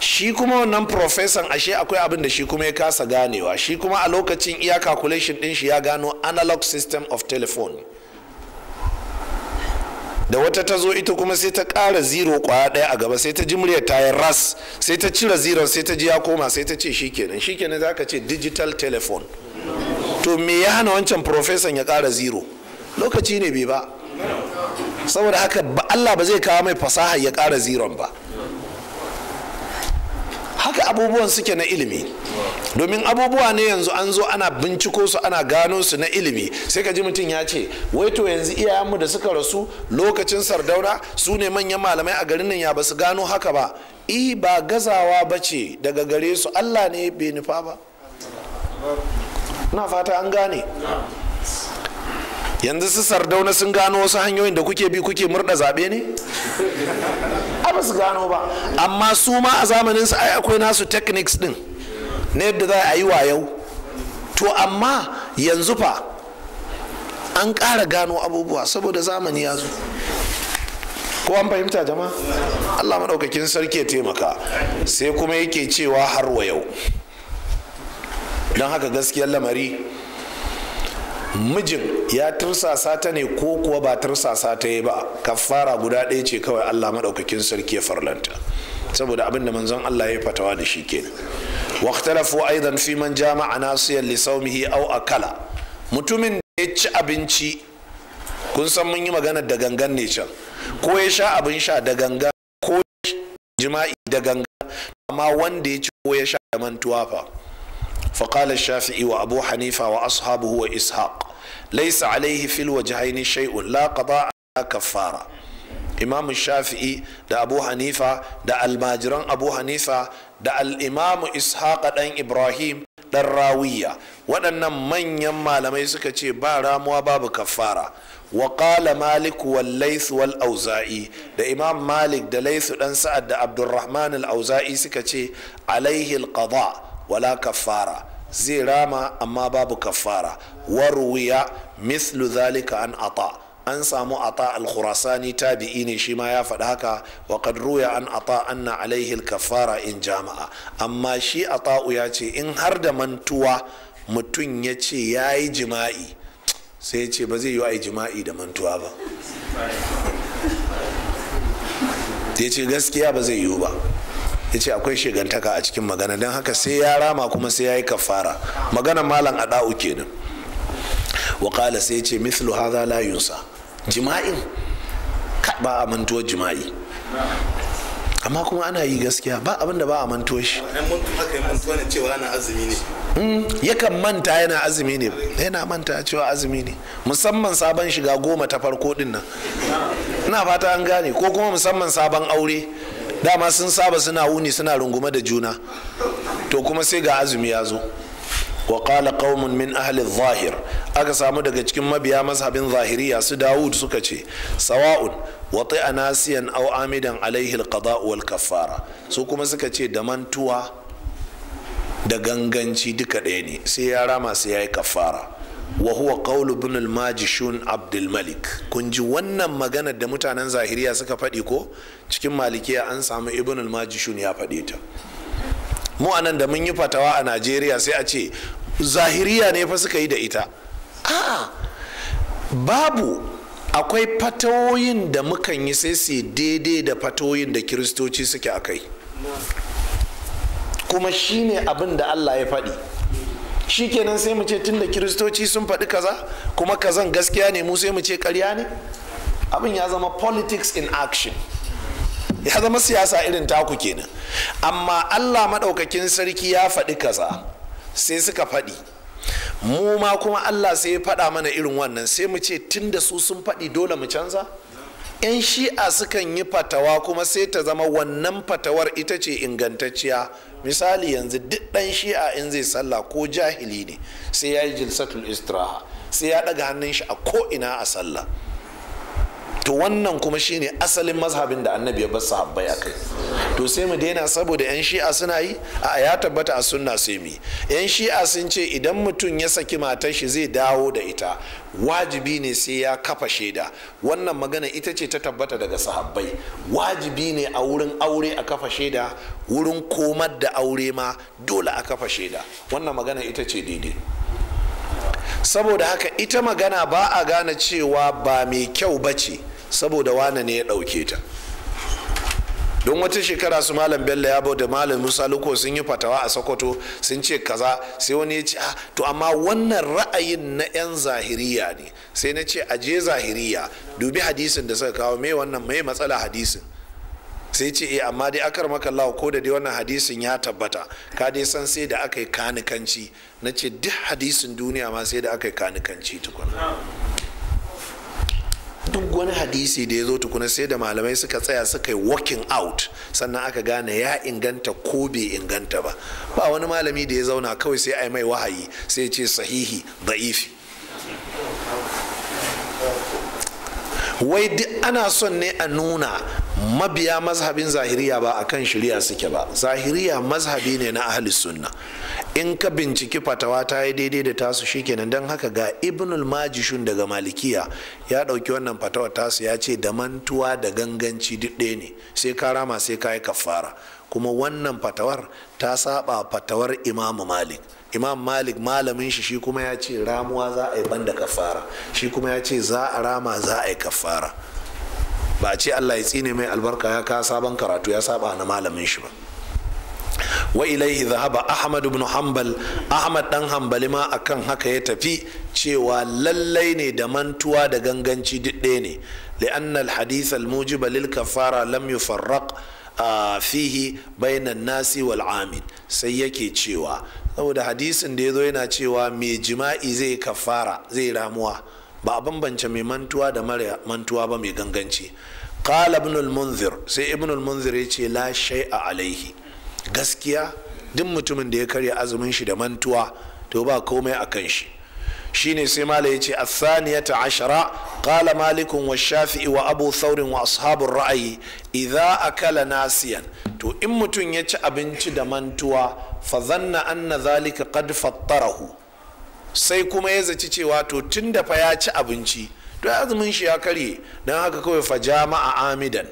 shi kuma wannan profesan ashe akwai abin da shi kuma ya kasa ganewa shi kuma a lokacin iya calculation din shi ya gano analog system of telephone da wata ta zo ita kuma sai ta ƙara ziro kwaya ɗaya a gaba sai ta ji muryar ta yi ras sai ta cire ziron sai ta ji ya koma sai ta ce shikenan shikenan za ka ce digital telephone to me ya hana wancan profesan ya ƙara ziro lokaci ne bai ba saboda haka Allah ba zai kawo mai fasaha ya ƙara ziron ba haka abubuwan suke na ilimi domin abubuwa ne yanzu an zo ana binciko su ana gano su na ilimi sai ka ji mutum ya ce wai to yanzu iyayenmu da suka rasu lokacin sardaura su ne manyan malamai a garin nan ya ba su gano haka ba i e, ba gazawa ba ce daga gare su allah ne bai nufa ba na fata an gane yanzu su sardauna sun gano wasu hanyoyin da kuke bi kuke murda zaɓe ne ai ba su gano ba amma su ma a zamanin su ai akwai nasu techniques din na yadda za a yi wayau to amma yanzu fa an ƙara gano abubuwa saboda zamani ya zo ko an fahimta jama'a allah maɗaukakin sarki ya taimaka sai kuma yake cewa har wa yau don haka gaskiyar lamari mijin ya tursasa ta ne ko kuwa ba tursasa ta yi ba kafara guda ɗaya ce kawai allah maɗaukakin sarki ya farlanta saboda abin da manzon allah ya fatawa da shi kenan واختلفوا ايضا في من جامع ناصيا au a akala mutumin da ya ci abinci kun san mun yi magana da gangan ne can ko ya sha abin sha da gangan ko jima'i da gangan amma wanda ya ci ko ya sha da mantuwa fa فقال الشافعي wa حنيفة wa وإسحاق ليس عليه في الوجهين شيء لا قضاء ولا كفارة imam shafi'i da abu hanifa da almajiran abu hanifa da al'imamu ishaqa ɗan ibrahim ɗan rawiya waɗannan manyan malamai suka ce ba ramuwa babu kafara wa qala malik wal laith wal auza'i da imam malik da laith ɗan sa'ad da abdurrahman al auza'i suka ce alaihi al wala kafara zai rama amma babu kafara warwiya mislu zalika an ata an samu ata al-khurasani tabi'i ne shi ma ya faɗi haka wa qad an ata anna alaihi al-kaffara in jama'a amma shi ata'u ya ce in har da mantuwa mutum ya ce ya yi jima'i sai ya ce ba zai yi a jima'i da mantuwa ba ya ce gaskiya ba zai yiwu ba ya ce akwai shigantaka a cikin magana don haka sai ya rama kuma sai ya yi kafara magana malam da'u kenan wakala sai ce mislu haza la yunsa jima'in ba a mantuwa jima'i amma kuma ana yi gaskiya ba abin da ba a mantuwa shi hmm, yakan manta yana azumi ne yana manta cewa azumi ne musamman sabon shiga goma ta farko din nan ina fata an gane ko kuma musamman sabon aure dama sun saba suna wuni suna rungume da juna to kuma sai ga azumi ya zo wa qala qaumun min ahli zahir aka samu daga cikin mabiya mazhabin zahiriya su dawud suka ce sawa'un wati anasiyan aw amidan alaihi alqada wal kaffara su kuma suka ce da mantuwa da ganganci duka ɗaya ne sai ya rama sai ya yi kaffara wa huwa qawlu ibn al-majishun abdul malik kun ji wannan magana da mutanen zahiriya suka faɗi ko cikin malikiya an samu ibn al-majishun ya faɗe ta mu anan da mun yi fatawa a najeriya sai a ce zahiriya ne fa suka yi da ita a'a babu akwai fatoyin da mukan yi sai su daidai da fatoyin da kiristoci suke a kai kuma shine abin da allah ya faɗi shikenan sai mu ce tunda kiristoci sun faɗi kaza kuma kazan gaskiya ne mu sai mu ce karya ne abin ya zama politics in action ya zama siyasa irin taku kenan amma allah maɗaukakin sarki ya faɗi kaza sai suka faɗi mu ma kuma allah sai ya faɗa mana irin wannan sai mu ce tunda su sun faɗi dole mu canza 'yan shi'a sukan yi fatawa kuma sai ta zama wannan fatawar ita ce ingantacciya misali yanzu duk dan shi'a in zai sallah ko jahili ne sai ya yi jilsatul istiraha sai ya daga hannun shi a ko ina a sallah to wannan kuma shine asalin mazhabin da annabi ya bar sahabbai akai to sai mu daina saboda yan shi'a suna yi a ya tabbata a sunna sai mu yan shi'a sun ce idan mutum ya saki matar shi zai dawo da ita wajibi ne sai ya kafa shaida wannan magana ita ce ta tabbata daga sahabbai wajibi ne a wurin aure a kafa shaida wurin komar da aure ma dole a kafa shaida wannan magana ita ce daidai saboda haka ita magana ba a gane cewa ba mai kyau ba ce saboda wane ne ya ɗauke ta don wata shekara su malam bello ya da malam musa luko sun yi fatawa a sokoto sun ce kaza sai wani ya ce ah, to amma wannan ra'ayin na 'yan zahiriya ne sai na ce aje zahiriya dubi hadisin da suka kawo mai wannan mai matsala hadisin sai ce eh amma dai akar maka Allah ko da dai wannan hadisin ya tabbata ka dai san sai da aka yi kanikanci na ce duk hadisin duniya ma sai da aka yi kanikanci tukuna duk wani hadisi da ya zo tukuna sai da malamai suka tsaya suka yi walking out sannan aka gane ya inganta ko bai inganta ba ba wani malami da ya zauna kawai sai ai mai wahayi sai ce sahihi da'ifi wai duk ana son ne a nuna mabiya mazhabin zahiriya ba akan shari'a suke ba zahiriya mazhabi ne na ahli sunna in ka binciki fatawa ta yi daidai da tasu shikenan don haka ga ibnul majishun daga malikiya ya ɗauki wannan fatawa tasu ya ce da mantuwa da ganganci duk ɗaya ne sai ka rama sai ka yi kafara kuma wannan fatawar ta saba fatawar imamu malik imam malik malamin shi shi kuma ya ce ramuwa za a yi banda kafara shi kuma ya ce za a rama za a yi kafara ba a ce allah ya tsine mai albarka ya ka sabon karatu ya saba na malamin shi ba wa ilaihi zahaba ahmad ibn hanbal ahmad dan hambali ma akan haka ya tafi cewa lallai ne da mantuwa da ganganci duk ɗaya ne li'anna al-hadith al-mujib lil kafara lam yufarraq fihi bainan nasi wal amin sai yake cewa saboda hadisin da ya zo yana cewa mai jima'i zai kafara zai ramuwa ba a bambance mai mantuwa da mara mantuwa ba mai ganganci qala ibn al-munzir sai ibn al-munzir yace la shay'a alaihi gaskiya duk mutumin da ya karya azumin shi da mantuwa to ba komai a kan shi shine sai mala yace as-saniyata ashara qala malikun wa shafi'i wa abu saurin wa ashabur ra'ayi a akala nasiyan to in mutum ya ci abinci da mantuwa fa zanna anna zalika qad fattarahu sai kuma ya zaci cewa to tun da fa ya ci abinci to azumin shi ya karye don haka kawai fa jama'a amidan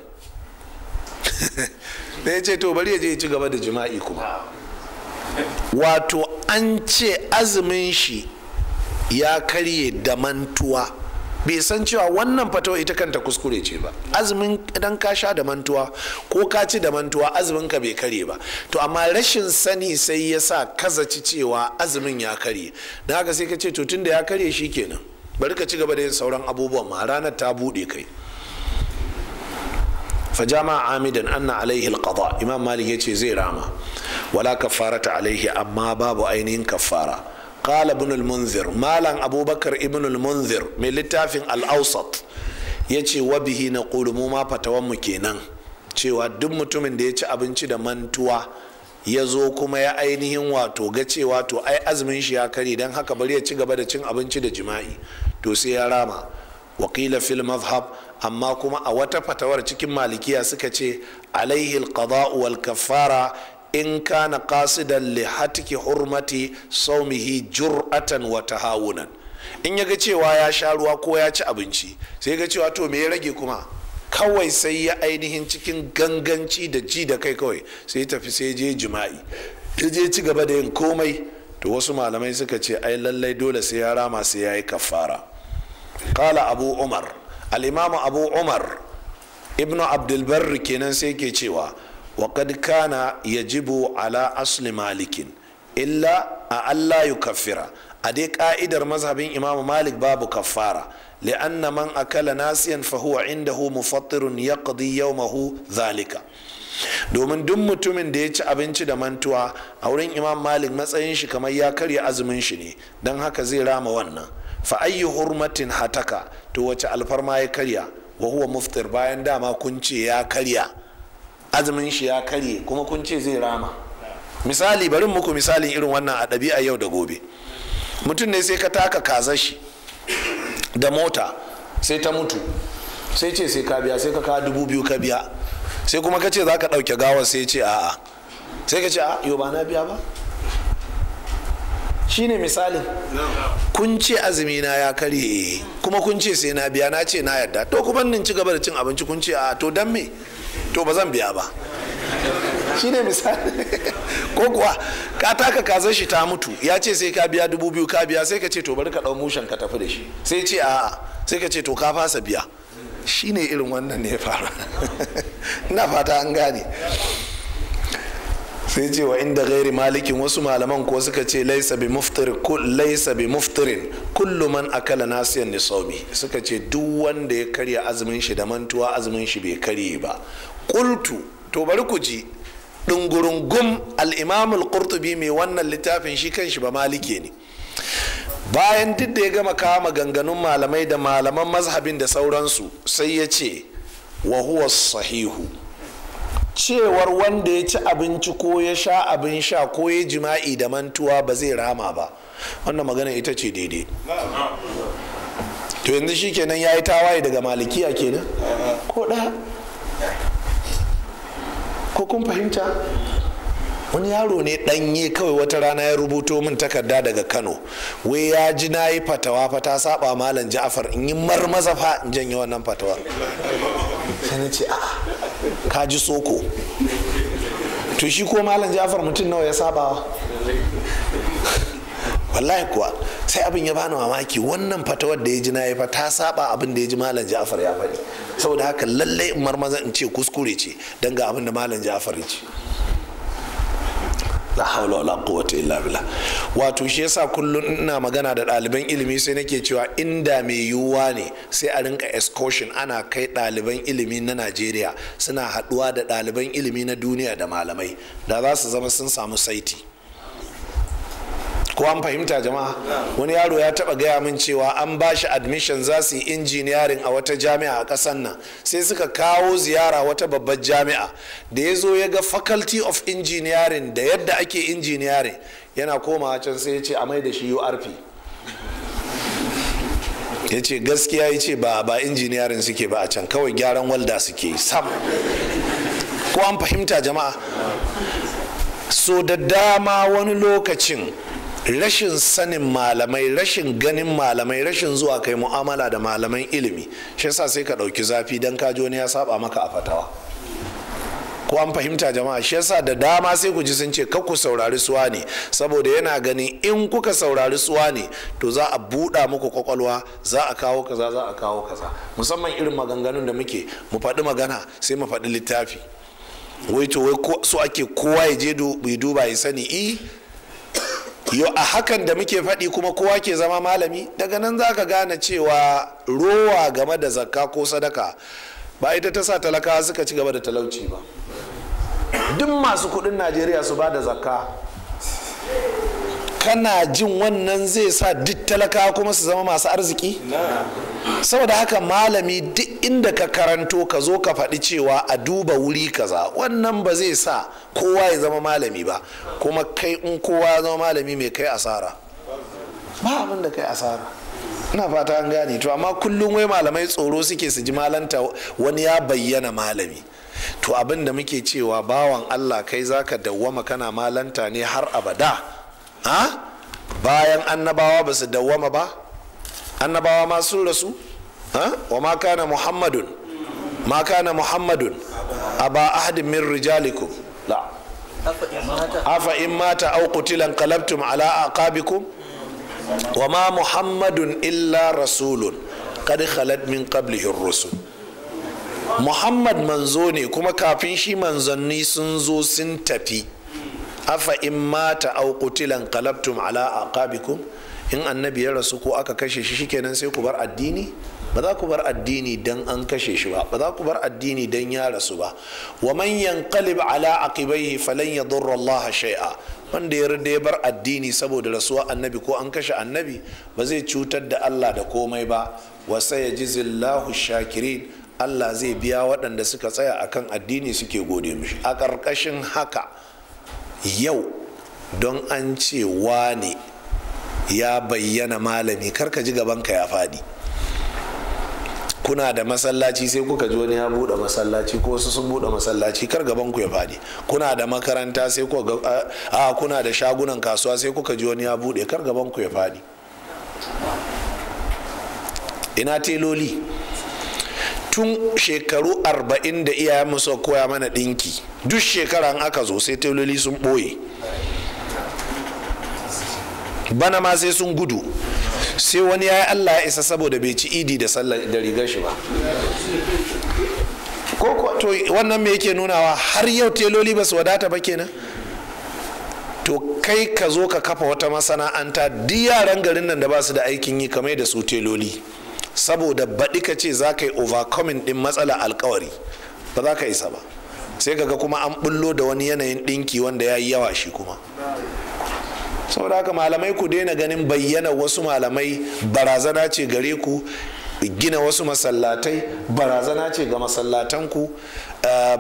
da ya ce to bari ya je ya ci gaba da jima'i kuma wato an ce azumin shi ya karye da mantuwa bai san cewa wannan fato ita kanta kuskure ce ba azumin idan ka sha da mantuwa ko ka ci da mantuwa azumin ka bai kare ba to amma rashin sani sai ya sa kazaci cewa azumin ya kare don haka sai ka ce to da ya kare shi kenan bari ka ci gaba da yin sauran abubuwan ma ranar ta bude kai fajama amidan anna alaihi alqada imam malik yace zai rama wala kafarata alaihi amma babu ainihin kafara qala ibn al-munzir malam abubakar ibn al-munzir mai littafin al-awsat yace wa bihi naqulu mu ma fatawan mu kenan cewa duk mutumin da ya ci abinci da mantuwa ya zo kuma ya ainihin wato ga cewa to ai azumin shi ya kare don haka bari ya ci gaba da cin abinci da jima'i to sai ya rama wakila fil mazhab amma kuma a wata fatawar cikin malikiya suka ce alaihi alqada'u wal in kana qasidan li hatki hurmati saumihi jur'atan wa tahawunan in ya ga cewa ya sha ruwa ko ya ci abinci sai ga cewa to me ya rage kuma kawai sai ya ainihin cikin ganganci da ji da kai kawai sai ya tafi sai je jima'i ya je ci gaba da yin komai to wasu malamai suka ce ai lallai dole sai ya rama sai ya yi kafara kala abu umar al'imamu abu umar ibnu abdulbarri kenan sai ke cewa وقد كان يجب على أصل مالك إلا أن لا يكفر أديك آئدر مذهب إمام مالك باب كفارة لأن من أكل ناسيا فهو عنده مفطر يقضي يومه zalika. domin duk mutumin da ya ci abinci da mantuwa a wurin imam malik matsayin shi kamar ya karya azumin shi ne don haka zai rama wannan fa ayyu hurmatin hataka to wace alfarma ya karya wa huwa muftir bayan dama kun ce ya karya azumin shi ya karye kuma kun ce zai rama misali bari muku misalin irin wannan a ɗabi'a yau da gobe mutum ne sai ka taka kaza shi da mota sai ta mutu sai ce sai ka biya sai ka kawo dubu biyu ka biya sai kuma ka ce za ka ɗauke gawar sai ce a'a sai ka ce a yau ba na biya ba shine misalin kun ce azumi na ya karye kuma kun ce sai na biya na ce na yarda to kuma nin ci gaba da cin abinci kun ce a to dan me to ba zan biya ba shi ne misali ko kuwa ka taka kazar shi ta mutu ya ce sai ka biya dubu biyu ka biya sai ka ce to bari ka dau mushen ka tafi da shi sai ce a'a sai ka ce to ka fasa biya shi ne irin wannan ne ya fara ina fata an gane sai ce wa inda gairi malikin wasu malaman ko suka ce laisa bi muftir laisa bi muftirin kullu man akala nasiyan ni saumi suka ce duk wanda ya karya azumin shi da mantuwa azumin shi bai karye ba qultu to bari ku ji gum al-imam al-qurtubi mai wannan littafin shi kanshi ba malike ne bayan duk da ya gama kama ganganun malamai da malaman mazhabin da sauransu sai ya ce wa huwa sahihu cewar wanda ya ci abinci ko ya sha abin sha ko ya jima'i da mantuwa ba zai rama ba wannan magana ita ce daidai to yanzu shi kenan ya yi tawaye daga malikiya kenan ko ɗaya ko kun fahimta wani yaro ne ɗanye kawai wata rana ya rubuto min takarda daga kano wai ya ji na yi fatawa fa ta saba malam ja'afar in yi marmaza fa in janye wannan fatawa sai na ce a'a ah, ka ji soko to shi ko malam ja'afar mutum nawa ya sabawa wallahi kuwa sai abin ya bani mamaki wannan fatawar da ya ji na yi fa ta saba abin da ya ji malam ja'afar ya faɗi saboda haka lallai in marmaza in ce kuskure ce don ga abin da malam ja'afar ya ce la haula wala quwwata illa billah wato shi yasa kullum ina magana da ɗaliban ilimi sai nake cewa inda mai yiwuwa ne sai a rinka excursion ana kai ɗaliban ilimi na Najeriya suna haɗuwa da ɗaliban ilimi na duniya da malamai da za su zama sun samu saiti ko an fahimta jama'a wani yaro ya taba gaya min cewa an ba shi admission za su yi injiniyarin a wata jami'a a kasan nan sai suka kawo ziyara wata babbar jami'a da ya zo ya ga faculty of engineering da yadda ake injiniyarin yana komawa can sai ya ce a mai da shi urp ya ce gaskiya ya ce ba ba injiniyarin suke ba a can kawai gyaran walda suke sam ko an fahimta jama'a so da dama wani lokacin rashin sanin malamai rashin ganin malamai rashin zuwa kai mu'amala da malaman ilimi shi yasa sai ka ɗauki zafi don ka ne ya saba maka a fatawa ko an fahimta jama'a shi yasa da dama sai ku ji sun ce ku saurari suwa ne saboda yana ganin in kuka saurari suwa ne to za a buɗa muku kwakwalwa za a kawo kaza za a kawo kaza musamman irin maganganun da muke mu faɗi magana sai mu faɗi littafi wai to wai so ake kowa ya je duba ya sani i eh, yo a hakan da muke faɗi kuma kowa ke zama malami daga nan za ka gane cewa rowa game da zakka ko sadaka ba ita ta sa talakawa suka ci gaba da talauci ba duk masu kudin najeriya su ba da zakka kana jin wannan zai sa duk talaka kuma su zama masu arziki saboda haka malami duk inda ka karanto ka zo ka faɗi cewa a duba wuri kaza wannan ba zai sa kowa ya zama malami ba kuma kai in kowa ya zama malami mai kai asara ba abin da kai asara ina fata an gane to amma kullum wai malamai tsoro suke su ji malanta wani ya bayyana malami to abin da muke cewa bawan allah kai zaka dawwama kana malanta ne har abada ha bayan annabawa ba su dawwama ba annabawa ma sun rasu ha wa ma kana muhammadun ma kana muhammadun aba ahadin min rijalikum la afa in mata au qutilan qalabtum ala aqabikum wa ma muhammadun illa rasulun Kadi khalat min qablihi rusul muhammad manzo ne kuma kafin shi manzanni sun zo sun tafi afa in mata au qutilan qalabtum ala aqabikum in annabi ya rasu ko aka kashe shi shikenan sai ku bar addini ba za ku bar addini dan an kashe shi ba ba za ku bar addini dan ya rasu ba wa man yanqalib ala aqibaihi falan yadurra Allah shaia? wanda ya rida ya bar addini saboda rasuwa annabi ko an kashe annabi ba zai cutar da Allah da komai ba Wasa wa zillahu shakirin Allah zai biya waɗanda suka tsaya akan addini suke gode mishi a ƙarƙashin haka yau don an ce wane ya bayyana malami karka ji gabanka ya faɗi kuna da masallaci sai kuka ji wani ya buɗe masallaci ko wasu sun buɗe masallaci kar gaban ku ya faɗi kuna da makaranta sai ku a kuna da shagunan kasuwa sai kuka ji wani ya buɗe kar gaban ku ya faɗi ina teloli tun shekaru arba'in da iyayen mu suka koya mana ɗinki duk shekara in aka zo sai tauloli sun ɓoye bana ma sai sun gudu sai wani ya yi allah ya isa saboda bai ci idi da sallar da rigar shi ba ko to wannan me yake nunawa har yau teloli ba su wadata ba kenan to kai ka zo ka kafa wata masana'anta duk yaran garin nan da ba su da aikin yi kamar da su teloli saboda baɗi ka ce za ka yi overcoming ɗin matsala alkawari ba za ka isa ba sai ga kuma an bullo da wani yanayin ɗinki wanda ya yi yawa shi kuma saboda haka malamai ku daina ganin bayyana wasu malamai barazana ce gare ku gina wasu masallatai barazana ce ga masallatanku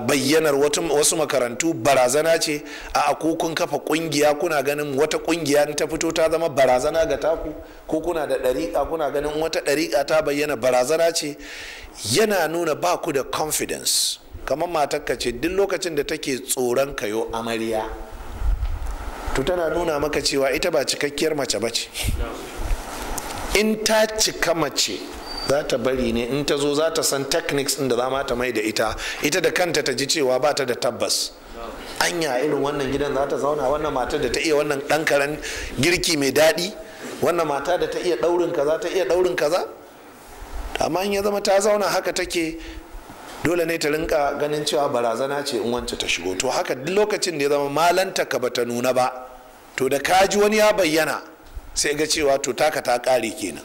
bayyanar wasu makarantu barazana ce a ko kun kafa kungiya kuna ganin wata kungiya ta fito ta zama barazana ga taku ko kuna da ɗariƙa kuna ganin wata ɗariƙa ta bayyana barazana ce yana nuna ba ku da confidence kamar matakka ce duk lokacin da take tsoron kayo amarya to tana nuna maka cewa ita ba cikakkiyar mace ba ce in ta cika mace za ta bari ne in ta zo za ta san techniques inda da za ta mai da ita ita da kanta ta ji cewa ba ta da tabbas anya irin wannan gidan za ta zauna wannan mata da ta iya wannan ɗan karen girki mai daɗi wannan mata da ta iya ɗaurin kaza ta iya ɗaurin kaza amma in ya zama ta zauna haka take dole ne ta rinka ganin cewa barazana ce in wance ta shigo to haka duk lokacin da ya zama malanta ka bata nuna ba to da kaji wani ya bayyana sai ga cewa to taka ta kare kenan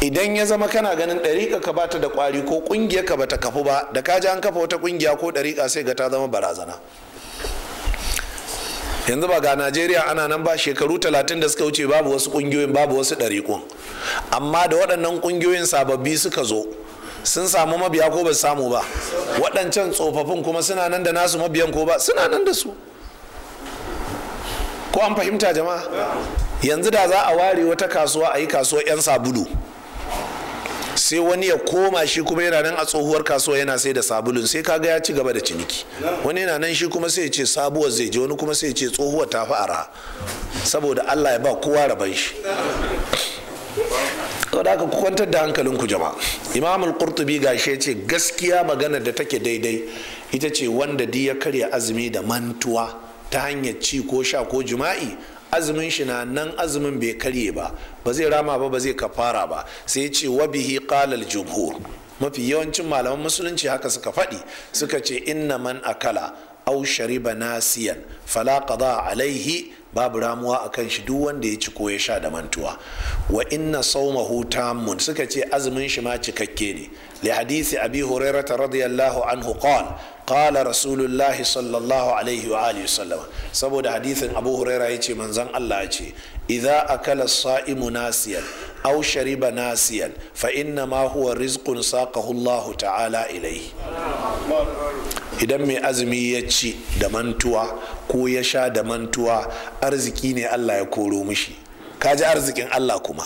idan ya zama kana ganin ɗariƙa ka bata da ƙwari ko ƙungiyar ka bata kafu ba da ka ji an kafa wata ƙungiya ko ɗariƙa sai ga ta zama barazana yanzu ba ga najeriya ana nan ba shekaru talatin da suka wuce babu wasu ƙungiyoyin babu wasu ɗariƙun amma da waɗannan ƙungiyoyin sababbi suka zo sun samu mabiya ko ba samu ba waɗancan tsofaffin kuma suna nan da nasu mabiyan ko ba suna nan da su ko an fahimta jama'a yanzu da za a ware wata kasuwa a yi kasuwar 'yan sabulu sai wani ya koma shi kuma yana nan a tsohuwar kasuwa yana sai da sabulun sai kaga ya ci gaba da ciniki wani yana nan shi kuma sai ya ce sabuwar zai je wani kuma sai ya ce tsohuwar ta fi ara saboda Allah ya ba kowa raban shi saboda haka kwantar da hankalinku jama'a imam al-qurtubi gashi ya ce gaskiya magana da take daidai ita ce wanda di ya karya azumi da mantuwa ta hanyar ci ko sha ko jima'i azumin shi na nan azumin bai karye ba ba zai rama ba ba zai kafara ba sai ce wa bihi qalal jumhur mafi yawancin malaman musulunci haka suka faɗi suka ce inna man akala aw shariba nasiyan fala qada alaihi babu ramuwa a kan shi duk wanda ya ci ko ya sha da mantuwa wa inna saumahu tammun suka ce azumin shi ma cikakke ne li hadisi abi hurairata radiyallahu anhu qala qala rasulullahi sallallahu alaihi wa alihi saboda hadisin abu huraira yace manzon Allah ya ce idza akala as-sa'imu nasiyan aw shariba nasiyan fa inna ma huwa rizqun saqahu Allah ta'ala ilai. idan mai azumi ya ci da mantuwa ko ya sha da mantuwa arziki ne Allah ya koro mishi kaji arzikin Allah kuma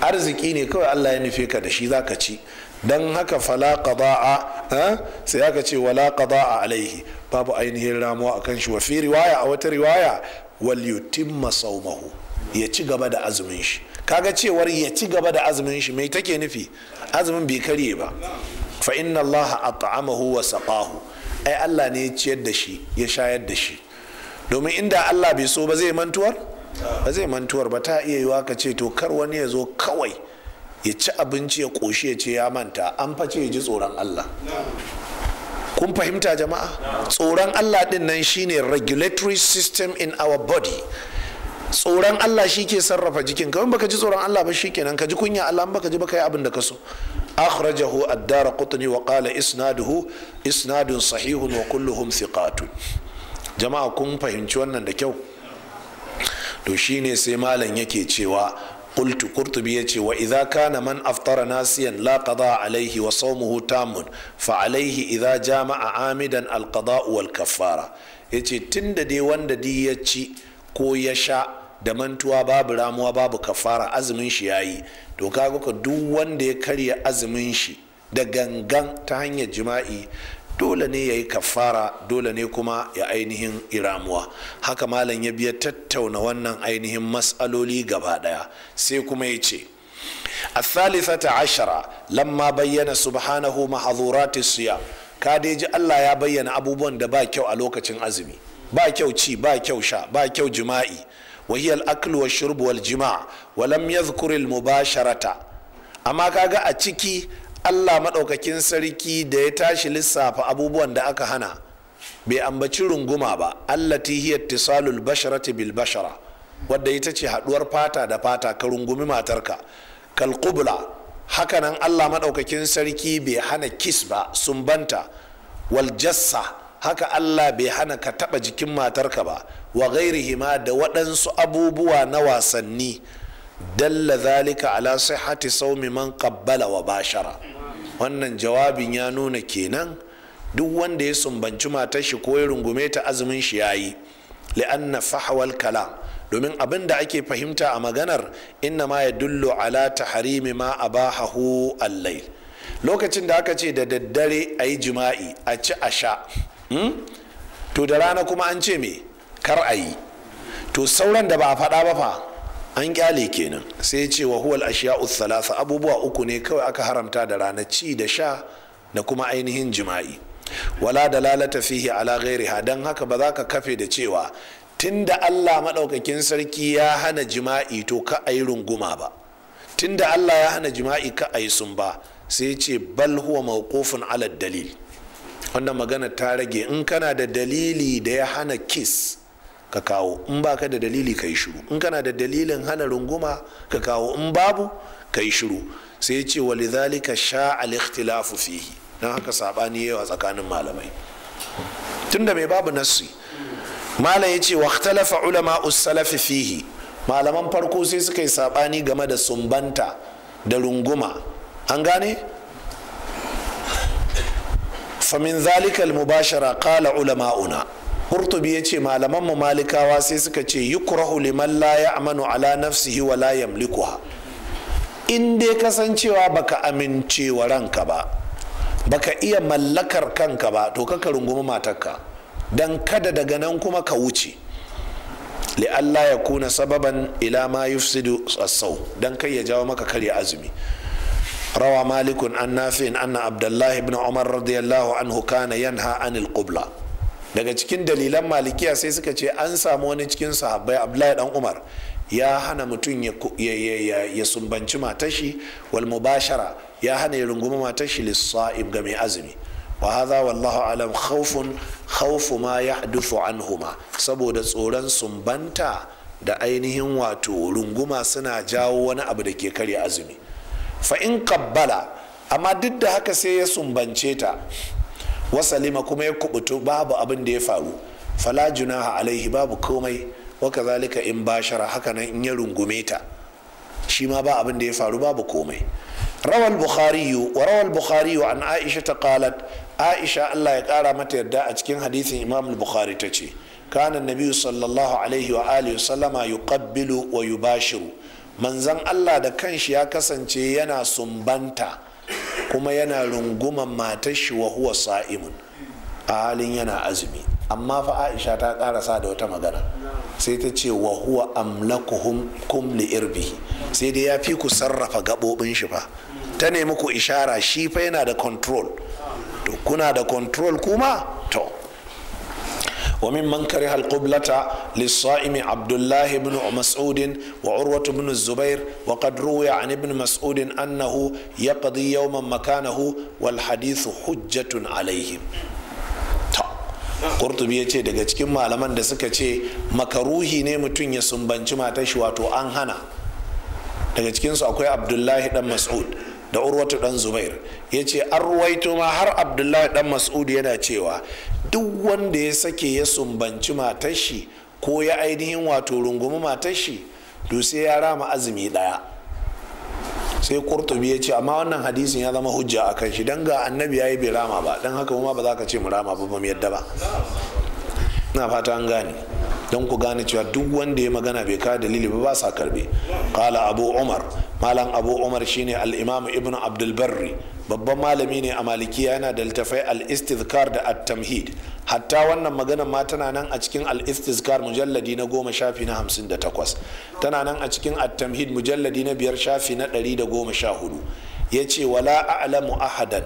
arziki ne kawai Allah ya nufe ka da shi zaka ci don haka fala qada'a sai aka ce wala qada'a alaihi babu ainihin ramuwa akan shi wa fi riwaya a wata riwaya wal yutimma saumahu ya ci gaba da azumin shi kaga cewar ya ci gaba da azumin shi mai take nufi azumin bai karye ba fa inna Allah at'amahu wa saqahu ai Allah ne ya ciyar da shi ya shayar da shi domin inda Allah bai so ba zai mantuwar ba zai mantuwar ba ta iya yiwa ka ce to kar wani ya zo kawai ya ci abinci ya koshi ya ce ya manta an face ya ji tsoron Allah kun fahimta jama'a tsoron Allah din nan shine regulatory system in our body tsoron Allah shi ke sarrafa jikin ka in baka ji tsoron Allah ba kenan ka ji kunya Allah baka ji baka yi abin da ka so akhrajahu ad-dara qutni wa qala isnaduhu isnadun sahihun wa kulluhum thiqatun jama'a kun fahimci wannan da kyau to shine sai malam yake cewa qultu qurtubi yace wa idza kana man aftara nasiyan la qada alaihi wa sawmuhu tamun fa alaihi idza jama'a amidan al-qada wal kaffara yace tunda dai wanda di ya ci ko ya sha da mantuwa babu ramuwa babu kafara azumin shi ya yi to kaga ka duk wanda ya karya azumin shi da gangan ta hanyar jima'i dole ne ya yi kafara dole ne kuma ya ainihin iramuwa haka malam ya biya tattauna wannan ainihin matsaloli gaba daya sai kuma ya ce a الثالثة عشرة لما بين سبحانه محظورات الصيام kadeji Allah ya bayyana abubuwan da ba kyau a lokacin azumi ba kyau ci ba kyau sha ba kyau jima'i وهي الأكل والشرب والجماع ولم Amma ka ga a ciki, Allah maɗaukakin sarki da ya tashi lissafa abubuwan da aka hana bai ambaci runguma ba allati hiya tisalul basharati bil bashara wadda ita ce haɗuwar fata da fata ka rungumi matarka kal qubla hakanan Allah maɗaukakin sarki bai hana kis ba sumbanta wal jassa haka allah bai hana ka taba jikin matarka ba wa hima da waɗansu abubuwa na wasanni dalla zalika ala sihhati saumi man qabbala wa bashara wannan jawabin ya nuna kenan duk wanda ya sumbanci matar shi ko ya rungume ta azumin shi yayi li'anna fahwal kalam domin abin da ake fahimta a maganar inna ma ya dullo ala taharimi ma abahahu allai lokacin da aka ce da daddare a yi jima'i a ci a sha Hmm? to da rana kuma an ce me kar a yi to sauran da ba a faɗa ba fa an kyale kenan sai ya ce wa huwal ashiya thalatha abubuwa uku ne kawai aka haramta da rana ci da sha da kuma ainihin jima'i wala dalalata fihi ala ha, dan haka ba za ka kafe da cewa tunda Allah maɗaukakin sarki ya hana jima'i to ka ayi runguma ba tunda Allah ya hana jima'i ka ayi sun ba sai ce bal huwa mawqufun ala dalil wannan magana ta rage in kana da dalili da ya hana kiss ka kawo in baka da dalili ka yi shiru in kana da dalilin hana runguma ka kawo in babu ka yi shiru sai ce walidhalika sha al-ikhtilafu fihi dan haka sabani yawa tsakanin malamai tunda mai babu nassi malam ya wa ikhtalafa ulama us-salaf fihi malaman farko sai suka yi sabani game da sumbanta da runguma an gane famin zalikal mubashara kala ulama'una qurtubi ya ce malamanmu malikawa sai suka ce yukrahu liman a manu ala yi wa la yamlikuha in dai kasancewa baka amince wa ranka ba baka iya mallakar kanka ba to kaka rungumi matarka dan kada daga nan kuma ka wuce allah ya kuna sababan ila ma yufsidu as-saw dan kai ya jawo maka karya azumi rawa malikun an nafi'in anna abdullahi ibn umar radiyallahu anhu kana yanha anil qubla daga cikin dalilan malikiya sai suka ce an samu wani cikin sahabbai abdullahi dan umar ya hana mutum ya sumbanci matashi wal mubashara ya hana ya runguma matashi lissa'ib ga mai azumi wa hadha wallahu alam khawfun khawfu ma yahdufu anhuma saboda tsoron sumbanta da ainihin wato runguma suna jawo wani abu da ke karya azumi fa in kabbala amma duk da haka sai ya sumbance ta wasalima kuma ya kubuto babu abin da ya faru fala junaha alaihi babu komai wa kazalika in bashara haka nan in ya rungume ta shi ma ba abin da ya faru babu komai rawal bukhari wa rawal bukhari wa an aisha ta kalat aisha Allah ya kara mata yadda a cikin hadisin imam al-bukhari tace kana nabiyyu sallallahu alaihi wa alihi wa yuqabbilu wa yubashiru manzan allah da kanshi ya kasance yana sumbanta kuma yana runguman matar shi wa huwa sa'imun a halin yana azumi amma fa aisha ta karasa da wata magana sai ta ce wa huwa amlakuhum kum li irbi, sai dai ya fi ku sarrafa gaɓoɓin shi ba, ta nemi ku ishara shi fa yana da control to kuna da control kuma to من كره القبلة للصائم عبد الله بن مسعود وعروة بن الزبير وقد روي عن ابن مسعود أنه يقضي يوما مكانه والحديث حجة عليهم kurtubi ya ce daga cikin malaman da suka ce makaruhi ne mutum ya sumbanci matar shi wato an hana daga cikinsu akwai abdullahi dan mas'ud da urwatu dan zubair ya ce an ruwaito ma har abdullahi dan mas'ud yana cewa duk wanda ya sake ya sumbanci matar shi ko ya ainihin wato rungumi matar shi to sai ya rama azumi daya sai kurtubi ya ce amma wannan hadisin ya zama hujja a kan shi don ga annabi ya yi bai rama ba don haka kuma ba za ka ce mu rama ba ba mu yadda ba na fata an gane don ku gane cewa duk wanda ya magana bai kawo dalili ba ba sa karbe kala abu umar malam abu umar shine al-imam ibn abdulbarri babban malami ne a malikiya yana da littafai al-istizkar da at-tamhid hatta wannan magana ma tana nan a cikin al-istizkar mujalladi na goma shafi na hamsin da takwas tana nan a cikin at-tamhid mujalladi na biyar shafi na ɗari da goma sha hudu ya ce wala a'lamu ahadan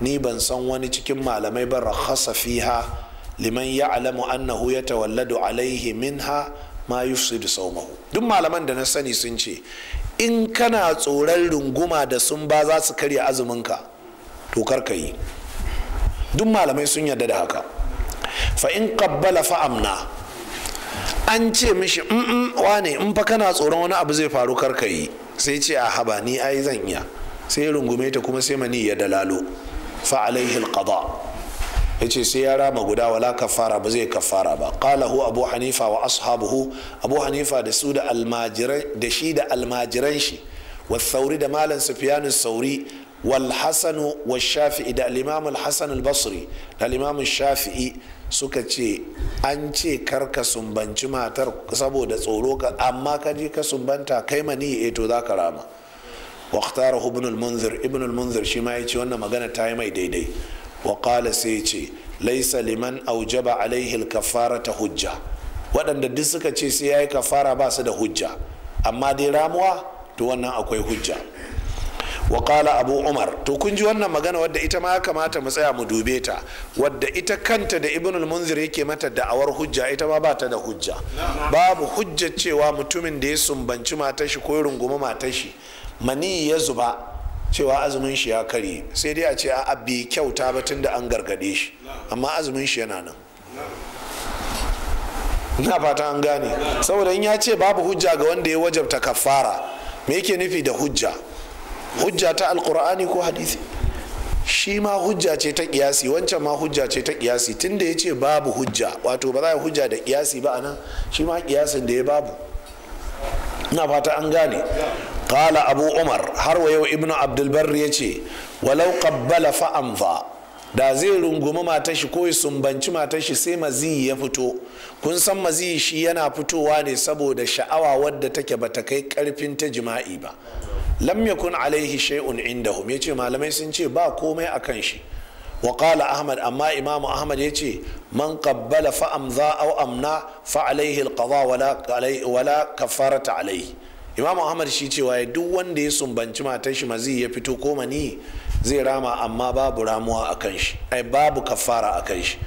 ni ban san wani cikin malamai ba rakhasa fiha liman ya'lamu annahu yatawalladu alaihi minha ma yufsidu saumahu duk malaman da na sani sun ce in kana tsoron runguma da sun ba za su karya ka to ka yi duk malamai sun yarda da haka fa in qabbala fa amna an ce mishi mm, mm wane in fa kana tsoron wani abu zai faru karka yi sai ce a haba ni ai zan iya sai rungume ta kuma sai mani ya dalalo fa alaihi alqada ya ce sai ya rama guda wala kafara ba zai kafara ba qala hu abu hanifa wa ashabuhu abu hanifa da su da almajiran da shi da almajiran shi wa sauri da malam sufyan sauri wal hasan wa shafi'i da al-imam al-hasan al-basri da al-imam shafi'i suka ce an ce kar ka sumbanci matar saboda tsoro ka amma ka je ka sumbanta kai mani eh to zaka rama واختاره ابن المنذر ابن المنذر شي ما يجي wannan magana ta yi mai daidai wa sai ce laisa liman aujaba alaihi kafara ta hujja waɗanda duk suka ce sai ya yi kafara ba su da hujja amma dai ramuwa to wannan akwai hujja wa abu umar to kun ji wannan magana wadda ita ma kamata mu tsaya mu dube ta wadda ita kanta da ibnul munzir yake mata da'awar hujja ita ma ba ta da hujja babu hujja cewa mutumin da ya sumbanci matar shi ko rungumi matar shi mani ya zuba cewa azumin shi ya kare sai dai a ce a bai kyauta ba tun da an gargade shi amma azumin shi yana nan na fata an gane saboda in ya ce babu hujja ga wanda ya wajabta kafara me yake nufi da hujja hujja ta alkur'ani ko hadisi shi ma hujja ce ta kiyasi wancan ma hujja ce ta kiyasi tunda ya ce babu hujja wato ba za a hujja da kiyasi ba anan shi ma kiyasin da ya babu ina fata an gane qala abu umar har wa yau ibnu abdulbar ya ce walau kabbala fa'amza da zai rungumi matashi ko ya sumbanci matar sai mazi ya fito kun san maziyi shi yana fitowa ne saboda sha'awa wadda take bata kai karfin ta jima'i ba lam yakun alaihi shay'un indahum yace malamai sun ce ba komai a kan shi wa qala ahmad amma imam ahmad yace man qabbala fa amza aw amna fa alaihi wala wala kafarata alaihi imamu ahmad shi cewa duk wanda ya sumbanci matar shi mazi ya fito ko mani zai rama amma babu ramuwa a kan shi ai babu kafara a kan shi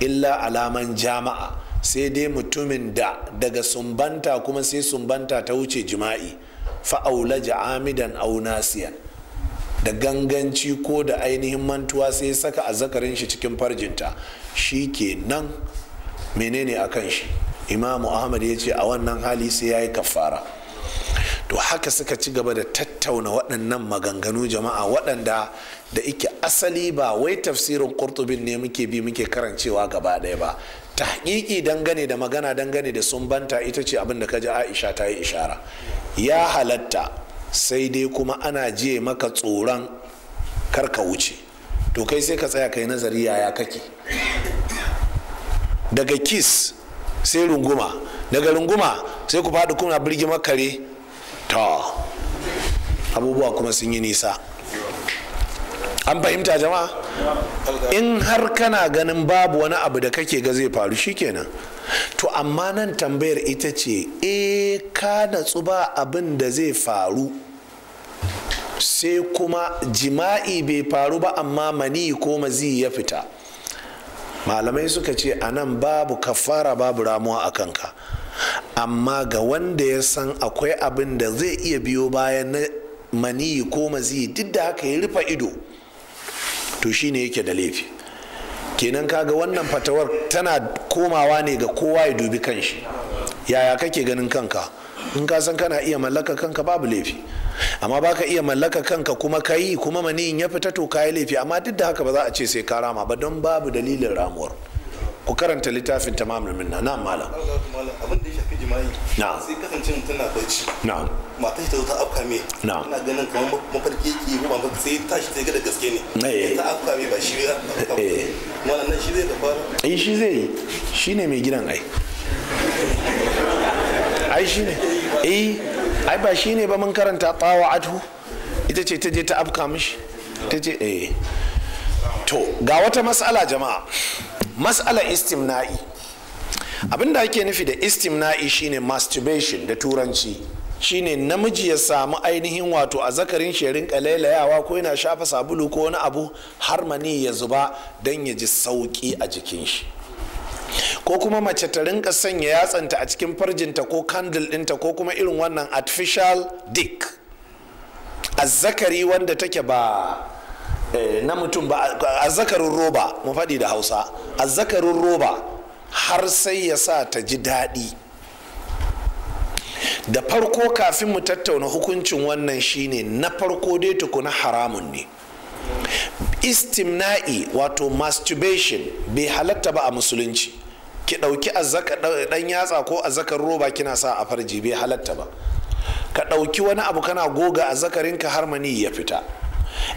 illa alaman jama'a sai dai mutumin da daga sumbanta kuma sai sumbanta ta wuce jima'i fa'aula ja'amidan au nasiyan da ganganci ko da ainihin mantuwa sai saka a zakarin shi cikin farjinta shi ke nan menene a kan shi imamu ahmad ya ce a wannan hali sai ya yi kafara to haka suka ci gaba da tattauna waɗannan maganganu jama'a waɗanda da ike asali ba wai tafsirin ƙurtubin ne muke bi muke karancewa gaba ɗaya ba tahqiqi dangane da magana dangane da sun banta ita ce abin da ka ji aisha ta yi ishara ya halatta sai dai kuma ana je maka tsoron karka wuce to kai sai ka tsaya kai nazari yaya kake daga kiss sai runguma daga runguma sai ku faɗi kuna birgi makare. ta abubuwa kuma sun yi nisa an fahimta jama'a in har kana ganin babu wani abu da kake ga zai faru shi shikenan to amma nan tambayar ita ce e ka natsu ba abin da zai faru sai kuma jima'i bai faru ba amma mani ko mazi ya fita malamai suka ce a nan babu kafara babu ramuwa a kanka amma ga wanda ya san akwai abin da zai iya biyo bayan na maniyi ko maziyi duk da haka ya rufe ido to shi ne yake da laifi kenan kaga wannan fatawar tana komawa ne ga kowa ya dubi kanshi yaya kake ganin kanka in ka san kana iya mallaka kanka babu laifi amma baka iya mallaka kanka kuma ka yi kuma maniyin ya fita to ka yi laifi amma duk da haka ba za a ce sai ka rama ba don babu dalilin ramuwar ku karanta littafin tamamul minna na malam abin da ya shafi jima'i na sai kasance mutum na bacci na mata shi ta zo ta afka me na ina ganin kamar mafarki yake ko ba sai tashi ta ga da gaske ne ta afka me ba shi ya eh. nan shi zai da fara eh shi zai yi shine mai gidan ai ai shine eh ai ba shine ba mun karanta tawa'atu ita ce ta je ta afka mishi ta ce eh to ga wata matsala jama'a mas'ala istimna'i abinda ake nufi da istimna'i shine masturbation da turanci shine namiji ya samu ainihin wato a zakarin sherin kalailayawa ko yana shafa sabulu ko wani abu har mani ya zuba don ya ji sauki a jikin shi ko kuma mace ta rinka sanya yatsanta a cikin farjinta ko kandil dinta ko kuma irin wannan artificial dick zakari wanda take ba Eh, na mutum ba a zakarun roba mu faɗi da hausa a zakarun roba har sai ya sa ta ji daɗi da farko kafin mu tattauna hukuncin wannan shine na farko dai tukuna haramun ne istimna'i wato masturbation bai halatta ba a musulunci ki ɗauki ɗan yatsa ko a zakar roba kina sa a farji bai halatta ba ka ɗauki wani abu kana goga a zakarinka har mani ya fita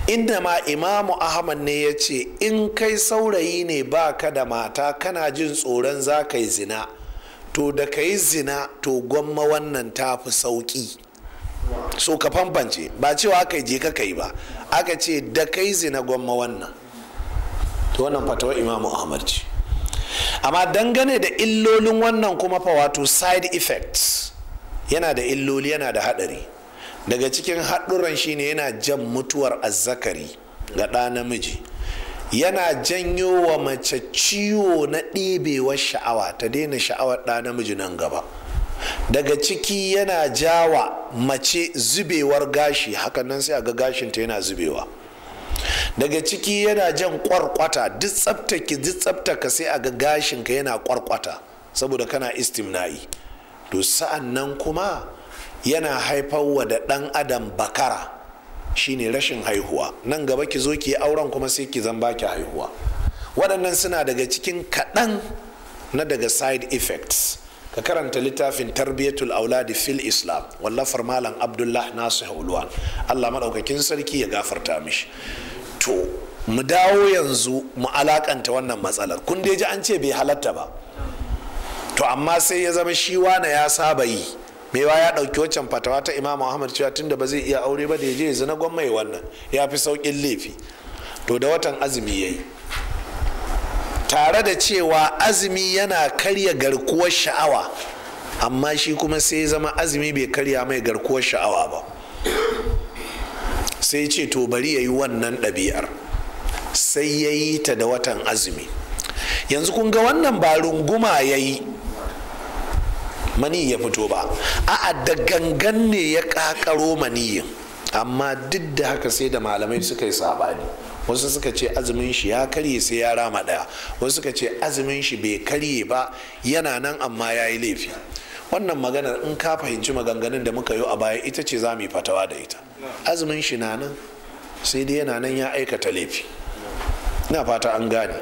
inda ma imamu ahmad ne ya ce in kai saurayi ne ba ka da mata kana jin tsoron za ka yi zina to da ka yi zina to gwamma wannan ta fi sauki. so ka fanfance ba cewa aka je ka kai ba aka ce da ka yi zina gwamma wannan to wannan fatawar imamu ahmad ce amma dangane da illolin wannan kuma fa wato side effects yana da illoli yana da haɗari daga cikin haɗuran shine yana jan mutuwar azzakari ga ɗa namiji yana janyo wa mace ciwo na ɗebewar sha'awa ta daina sha'awar ɗa namiji nan gaba daga ciki yana jawa mace zubewar gashi hakan nan sai a ga gashinta yana zubewa daga ciki yana jan kwarkwata duk tsabtake duk tsabtaka sai a ga gashinka yana kwarkwata saboda kana istimna'i to sa'an nan kuma yana haifar wa da ɗan adam bakara shine rashin haihuwa nan gaba ki zo ki auren kuma sai ki zan baki haihuwa waɗannan suna daga cikin kaɗan na daga side effects ka karanta littafin tarbiyatul auladi fil islam wallafar malam abdullah nasu hauluwa allah maɗaukakin sarki ya gafarta mishi to mu dawo yanzu mu alakanta wannan matsalar kun dai ji an ce bai halatta ba to amma sai ya zama shi na ya saba yi mewa ya ɗauki waccan fatawa ta imamu ahmad cewa tunda ba zai iya aure ba da ya je ya zina ya wannan ya fi sauƙin laifi to da watan azumi ya yi tare da cewa azumi yana karya garkuwar sha'awa amma shi kuma sai zama azumi bai karya mai garkuwar sha'awa ba sai ce to bari ya yi wannan ɗabi'ar sai ya yi ta da watan azumi yanzu kun ga wannan ba runguma ya yi mani ya fito ba a'a da gangan ne ya kakaro maniyin amma duk da haka sai da malamai suka yi sabani wasu suka ce azumin shi ya karye sai ya rama daya wasu suka ce azumin shi bai karye ba yana nan amma ya yi laifi wannan maganar in ka fahimci maganganun da muka yi a baya ita ce za mu yi fatawa da ita azumin shi na nan sai dai yana nan ya aikata laifi ina fata an gane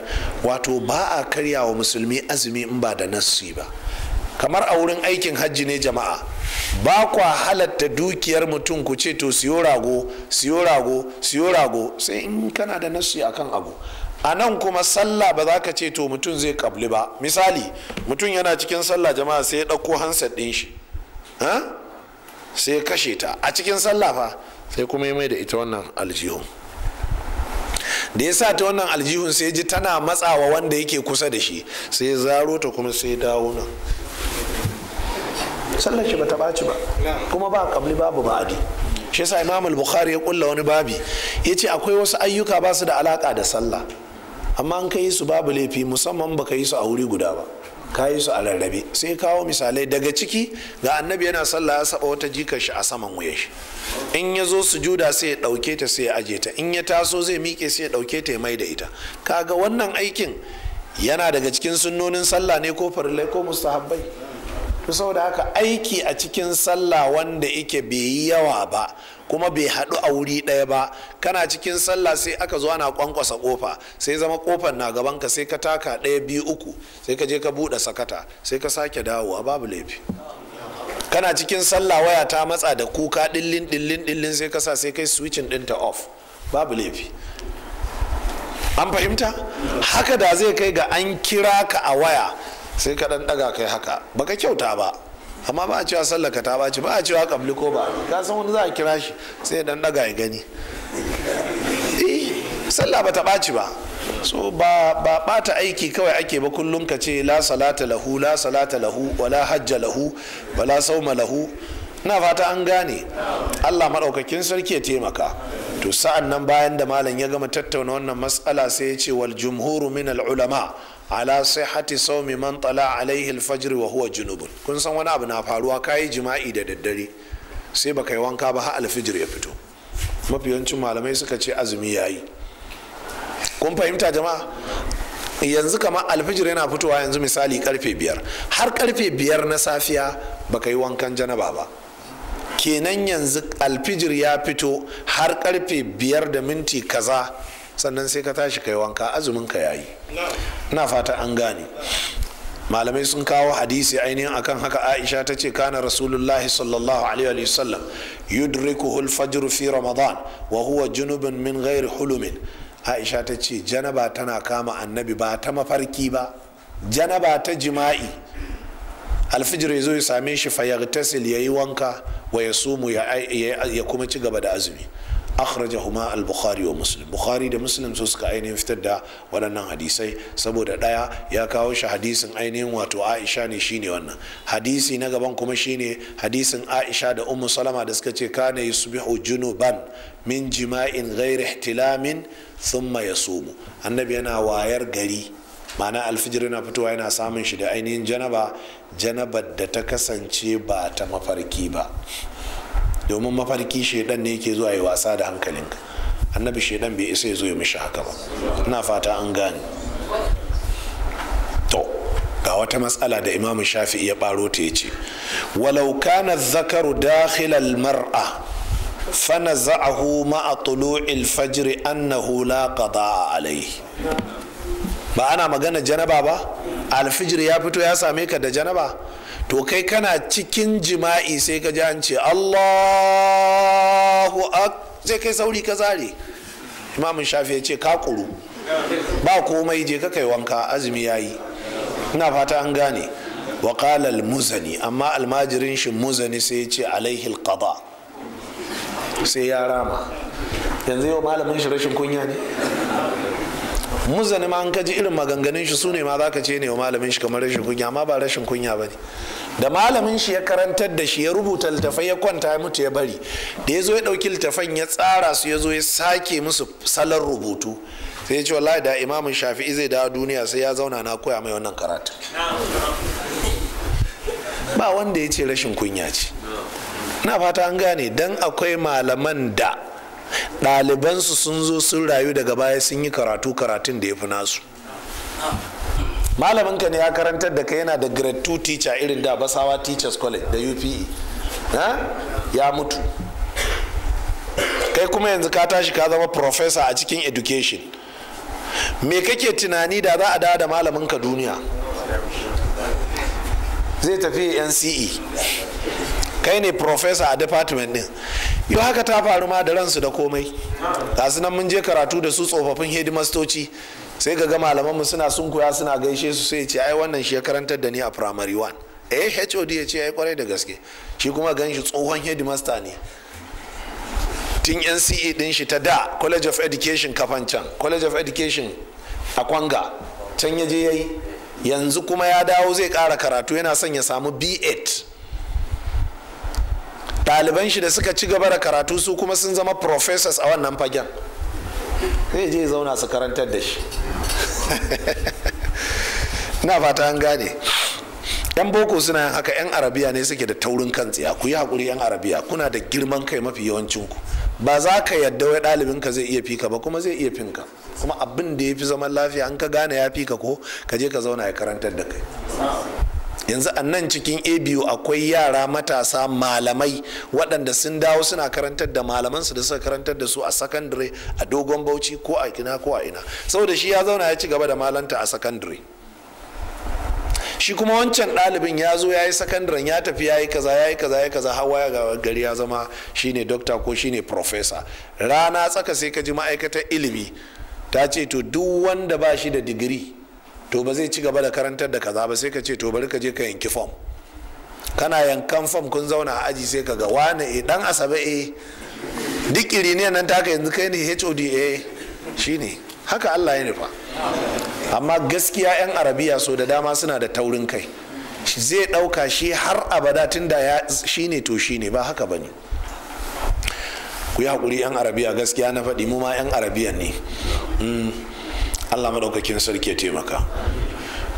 wato ba a karya wa musulmi azumi in ba da nassi ba kamar a wurin aikin hajji ne jama'a ba kwa halatta dukiyar mutum ku ce to siyo rago siyo rago siyo rago sai in kana da nasu kan abu a nan kuma sallah ba za ka ce to mutum zai kabli ba misali mutum yana cikin sallah jama'a sai ya ɗauko hansar ɗin shi sai ya kashe ta a cikin sallah fa sai kuma ya mai da ita wannan aljihun da ya sa ta wannan aljihun sai ji tana matsawa wanda yake kusa da shi sai ya zaro ta kuma sai dawo nan sallar shi bata ɓaci ba kuma ba kabli babu ba'adi shi yasa imam al-bukhari ya kulla wani babi yace akwai wasu ayyuka ba su da alaka da sallah amma an yi su babu laifi musamman baka yi su a wuri guda ba ka yi su a rarrabe sai kawo misalai daga ciki ga annabi yana sallah ya saba wata jikar shi a saman wuyan shi in ya zo sujuda sai ya dauke ta sai ya aje ta in ya taso zai miƙe sai ya dauke ta ya mai da ita kaga wannan aikin yana daga cikin sunnonin sallah ne ko farillai ko mustahabbai to saboda haka aiki a cikin sallah wanda yake bai yi yawa ba kuma bai haɗu a wuri ɗaya ba kana cikin sallah sai aka zo ana kwankwasa kofa sai zama kofar na gaban ka sai ka taka ɗaya biyu uku sai ka je ka buɗe sakata sai ka sake dawowa babu laifi kana cikin sallah waya ta matsa da kuka ɗillin ɗillin ɗillin sai ka sa sai kai switching ɗinta off babu laifi an fahimta haka da zai kai ga an kira ka a waya sai ka dan daga kai haka baka kyauta ba amma ba a cewa sallaka ta baci ba a cewa kabli ko ba ka san wani za a kira shi sai dan daga ya gani eh sallah ba ta baci ba so ba ba bata aiki kawai ake ba kullum ka ce la salata lahu la salata lahu wala hajja lahu wala sauma lahu na fata an gane allah maɗaukakin sarki ya taimaka to sa'an nan bayan da malam ya gama tattauna wannan matsala sai ya ce wal jumhuru min al ulama ala sai hati sau sawmi man tala alaihi alfajr wa huwa junubun kun san wani abu na faruwa kayi jima'i da daddare sai baka yi wanka ba har alfijir ya fito mafi yawancin malamai suka ce azumi ya yi. kun fahimta jama'a yanzu kamar alfijir yana fitowa yanzu misali karfe biyar har karfe biyar na safiya baka yi wankan janaba ba kenan yanzu alfijir ya fito har karfe biyar da minti kaza sannan sai ka tashi kai wanka azumin ka yayi na fata an gane malamai sun kawo hadisi ainihin akan haka aisha ta ce kana rasulullahi sallallahu alaihi sallam yudriku hul fajr fi ramadan wa huwa junubun min ghairi hulumin aisha ta ce janaba tana kama annabi ba ta mafarki ba janaba ta jima'i alfijir ya zo ya same shi fayartasil ya yi wanka wa ya sumu ya kuma ci gaba da azumi akhrajahuma al-bukhari wa muslim bukhari da muslim su suka ainihin fitar da waɗannan hadisai saboda ɗaya ya kawo shi hadisin ainihin wato aisha ne shine wannan hadisi na gaban kuma shine hadisin aisha da ummu salama da suka ce kana yusbihu junuban min jima'in ghairi ihtilamin thumma yasumu annabi yana wayar gari ma'ana alfijir yana fitowa yana samun shi da ainihin janaba janabar da ta kasance ba ta mafarki ba domin mafarki shaidan ne yake zuwa yi wasa da hankalinka annabi shaidan bai isa ya zo ya mishi haka ba ina fata an gane to ga wata matsala da imamu shafi'i ya baro ta ya ce walau kana zakaru dakhilal mar'a fanaza'ahu مع طلوع الفجر أنه لا hula عليه ba ana magana janaba ba alfijir ya fito ya same ka da janaba to kai kana cikin jima'i sai ka ji an ce allahu ak sai kai sauri ka zare imamun shafi ya ce ka kuru ba komai je ka kai wanka azumi ya yi ina fata an gane wa muzani amma almajirin shi muzani sai ya ce alaihi qada sai ya rama yanzu yau malamin shi rashin kunya ne muzani ma an kaji irin maganganun shi sune ma zaka ce ne wa malamin shi kamar rashin kunya amma ba rashin kunya bane da malamin shi ya karantar da shi ya rubuta littafai ya kwanta ya mutu ya bari da ya zo ya ɗauki littafan ya tsara su ya zo ya sake musu salon rubutu sai ya ce wallahi da imamin shafi'i zai dawo duniya sai ya zauna na koya mai wannan karatu ba wanda ya ce rashin kunya ce Ina fata an gane dan akwai malaman da ɗalibansu sun zo sun rayu daga baya sun yi karatu karatun da ya fi nasu malaminka ne ya karantar da kai yana da grade 2 teacher irin da basawa teachers college da upe ya mutu kai kuma yanzu ka tashi ka zama professor a cikin education me kake tunani da za a dawo da malaminka duniya zai tafi nce kai ne profesa a department din yau haka ta faru ma da ransu da komai ta nan mun je karatu da su tsofaffin hedimastoci sai ga malaman mu suna sun koya suna gaishe su sai ce ai wannan shi da ni a primary one eh hod ya ce ai kwarai da gaske shi kuma gan shi tsohon hedimasta ne tun nce din shi ta da college of education kafan can college of education a kwanga can ya je yayi yanzu kuma ya dawo zai kara karatu yana son ya samu b8 ɗaliban shi da suka ci gaba da karatu su kuma sun zama professors a wannan fagen zai je zauna su karantar da shi na fata an gane yan boko suna yin haka yan arabiya ne suke da taurin kan tsiya ku yi haƙuri yan arabiya kuna da girman kai mafi yawancin ku. ba za ka yadda wai ɗalibinka zai iya fika ba kuma zai iya finka kuma abin da ya fi zaman lafiya an ka gane ya fika ko ka je ka zauna ya karantar da kai yanzu a nan cikin abu akwai yara matasa malamai waɗanda sun dawo suna karantar da malamansu da suka karantar da su a sakandare a dogon bauchi ko a ina ko a ina saboda shi ya zauna ya ci gaba da malanta a sakandare shi kuma wancan ɗalibin ya zo ya yi sakandaren ya tafi ya yi kaza ya yi kaza ya kaza hawa ya ga gari ya zama shine dokta ko shine profesa rana tsaka sai ka ji ma'aikatar ilimi ta ce to duk wanda ba shi da digiri to ba zai ci gaba da karantar da kaza ba sai ka ce to bari ka je ka yanki fom kana yankan fom kun zauna a aji sai ka ga wane e dan asabe e duk ne nan taka yanzu kai ne hod a shine haka allah ya nufa amma gaskiya 'yan arabiya so da dama suna da taurin kai zai ɗauka shi har abada tun da ya shi ne to shi ne ba haka ba ne ku yi haƙuri 'yan arabiya gaskiya na faɗi mu ma 'yan arabiyan ne hmm. allah maɗaukakin sarki ya taimaka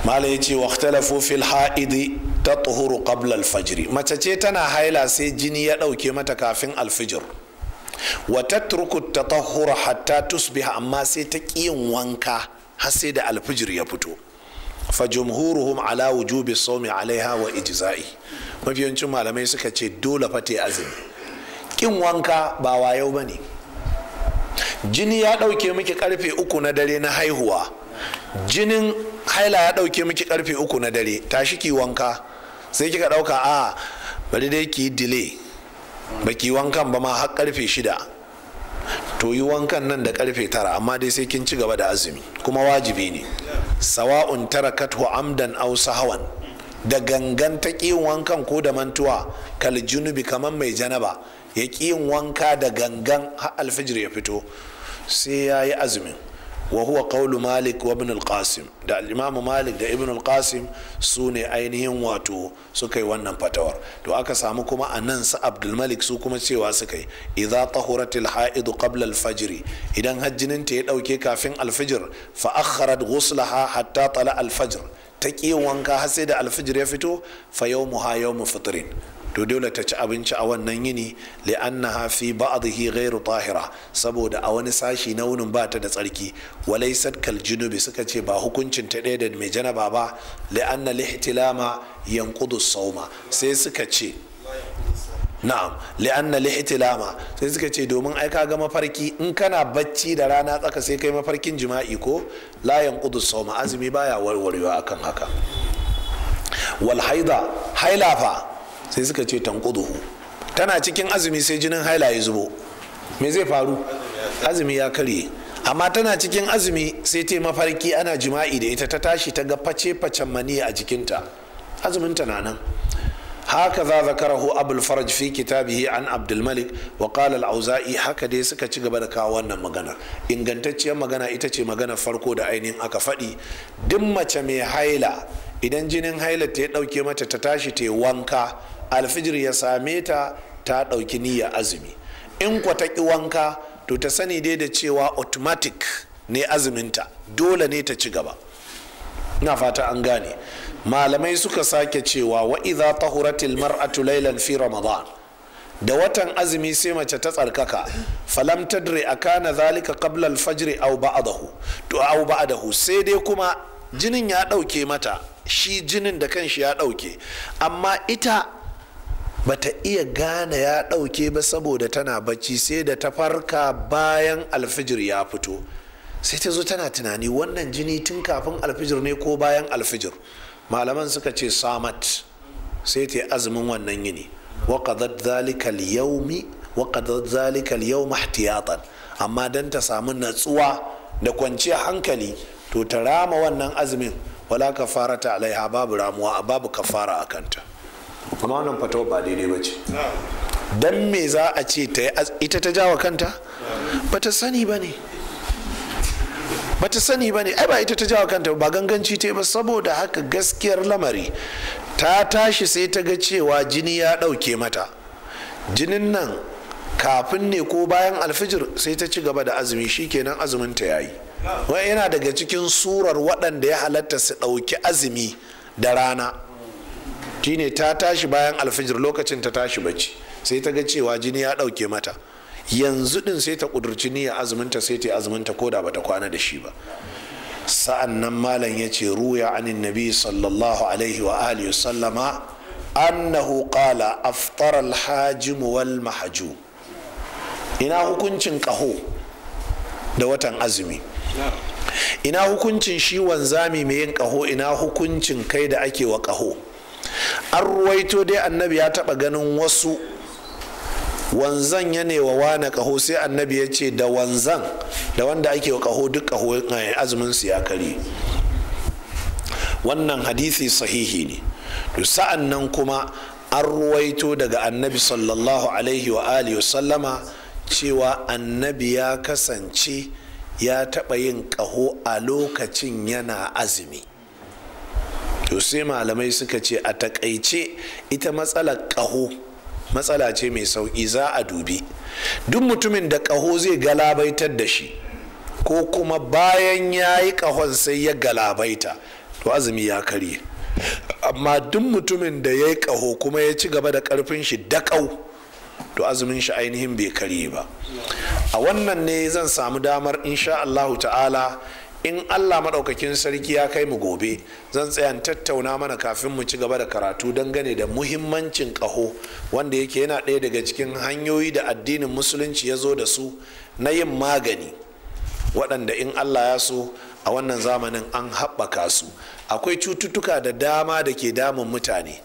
mala ya ce waktalafu fil ha'idi ta tuhuru qabla alfajiri mace ce tana haila sai jini ya ɗauke mata kafin alfijir wa tatruku tatahhura hatta tusbiha amma sai ta yin wanka har sai da alfijir ya fito fa jumhuruhum ala wujubi sawmi alaiha wa ijza'i mafiyancin malamai suka ce dole fa ta azumi kin wanka ba wayo bane jini ya ɗauke miki karfe uku na dare na haihuwa jinin haila ya ɗauke miki karfe uku na dare tashi ki wanka sai kika ɗauka a bari dai ki delay ba ki wankan ba ma har karfe shida to yi wankan nan da karfe tara amma dai sai kin ci gaba da azumi kuma wajibi ne sawa'un tarakat wa amdan aw sahawan da gangan ta wankan ko da mantuwa kal junubi kaman mai janaba ya ƙi yin wanka da gangan har alfijir ya fito sai ya yi azumin wa huwa qawlu malik wa ibn al-qasim da al malik da ibn al-qasim su ne ainihin wato suka yi wannan fatawar to aka samu kuma anan sa abdul malik su kuma cewa suka yi idza tahurat al-ha'id qabla al-fajr idan hajjinin ta ya dauke kafin al-fajr fa akharat ghuslaha hatta tala al ta ki wanka har sai da al ya fito fa yawmuha yawmu fitrin to dole ta ci abinci a wannan yini li'annaha fi ba'dhihi ghairu tahira saboda a wani sashi na wunin ba ta da tsarki walaysat kal junubi suka ce ba hukuncin ta ɗaya da mai janaba ba li'anna lihtilama yanqudu sauma sai suka ce na'am li'anna lihtilama sai suka ce domin ai ka ga mafarki in kana bacci da rana tsaka sai kai mafarkin jima'i ko la yanqudu sauma azumi baya warwarewa akan haka wal haida haila fa sai suka ce tankuduhu tana cikin azumi sai jinin haila ya zubo me zai faru azumi ya karye amma tana cikin azumi sai ta mafarki ana jima'i da ita ta tashi ta ga face facen mani a jikinta azumin ta nan haka za zakarahu abul faraj fi kitabihi an abdul malik wa qala al auza'i haka dai suka ci gaba da kawo wannan magana ingantacciyar magana ita ce magana farko da ainihin aka faɗi duk mace mai haila idan jinin haila ta ya ɗauke mata ta tashi ta wanka alfijir ya same ta ta ɗauki niyya azumi in kwa ta ƙi wanka to ta sani dai da cewa automatic ne azuminta dole ne ta ci gaba na fata an gane malamai suka sake cewa wa idza tahuratil mar'atu laylan fi ramadan da watan azumi sai mace ta tsarkaka falam tadri akana zalika qabla fajri fajr aw ba'dahu to aw ba'dahu sai dai kuma jinin ya dauke mata shi jinin da kanshi ya dauke amma ita Ba ta iya gane ya ɗauke ba saboda tana bacci sai da ta farka bayan alfijir ya fito sai ta zo tana tunani wannan jini tun kafin alfijir ne ko bayan alfijir malaman suka ce samat sai ta yi azumin wannan yini waƙadar zalikal yau mahtiyatan amma don ta samu natsuwa da kwanciya hankali to ta rama wannan azumin wala ta alaiha babu ramuwa babu kafara a kanta amma wannan fatawa ba daidai ba ce dan me za a ce ita ta jawa kanta ba sani ba ne ba sani ba ne ai ba ita ta jawa kanta ba ganganci ta ba saboda haka gaskiyar lamari ta tashi sai ta ga cewa jini ya ɗauke mata jinin nan kafin ne ko bayan alfijir sai ta ci gaba da azumi shikenan azumin ta yayi Wani yana daga cikin surar waɗanda ya halatta su ɗauki azumi da rana shine ta tashi bayan alfijir lokacin ta tashi bacci sai ta ga cewa jini ya ɗauke mata yanzu din sai ta ƙudurci niyya azuminta sai ta azuminta ko da bata kwana da shi ba sa'an nan malam ya ce ruya anin nabi sallallahu alaihi wa alihi sallama annahu qala aftar alhajim wal mahaju ina hukuncin qaho da watan azumi ina hukuncin shi wanzami mai yin ƙaho ina hukuncin kai da ake wa ƙaho an ruwaito dai annabi ya taba ganin wasu wanzan ya ne wa wane kaho sai annabi ya ce da wanzan da wanda ake wa kaho duk kaho eh, azumin su ya kare wannan hadisi sahihi ne to sa'an nan kuma an ruwaito daga annabi sallallahu alaihi wa alihi sallama cewa annabi ya kasance ya taɓa yin kaho a lokacin yana azumi to sai malamai suka ce a takaice ita matsalar ƙaho matsala ce mai sauƙi za a dubi duk mutumin da ƙaho zai galabaitar da shi ko kuma bayan ya yi ƙahon sai ya galabaita to azumi ya karye amma duk mutumin da ya yi ƙaho kuma ya ci gaba da ƙarfin shi daƙau to azumin shi ainihin bai karye ba a wannan ne zan samu damar insha Allahu ta'ala in allah maɗaukakin sarki ya kai mu gobe zan tsayan tattauna mana kafin mu ci gaba da karatu dangane da muhimmancin ƙaho wanda yake yana ɗaya daga cikin hanyoyi da addinin musulunci ya zo da su na yin magani waɗanda in allah ya so a wannan zamanin an haɓaka su akwai cututtuka da dama da ke damun mutane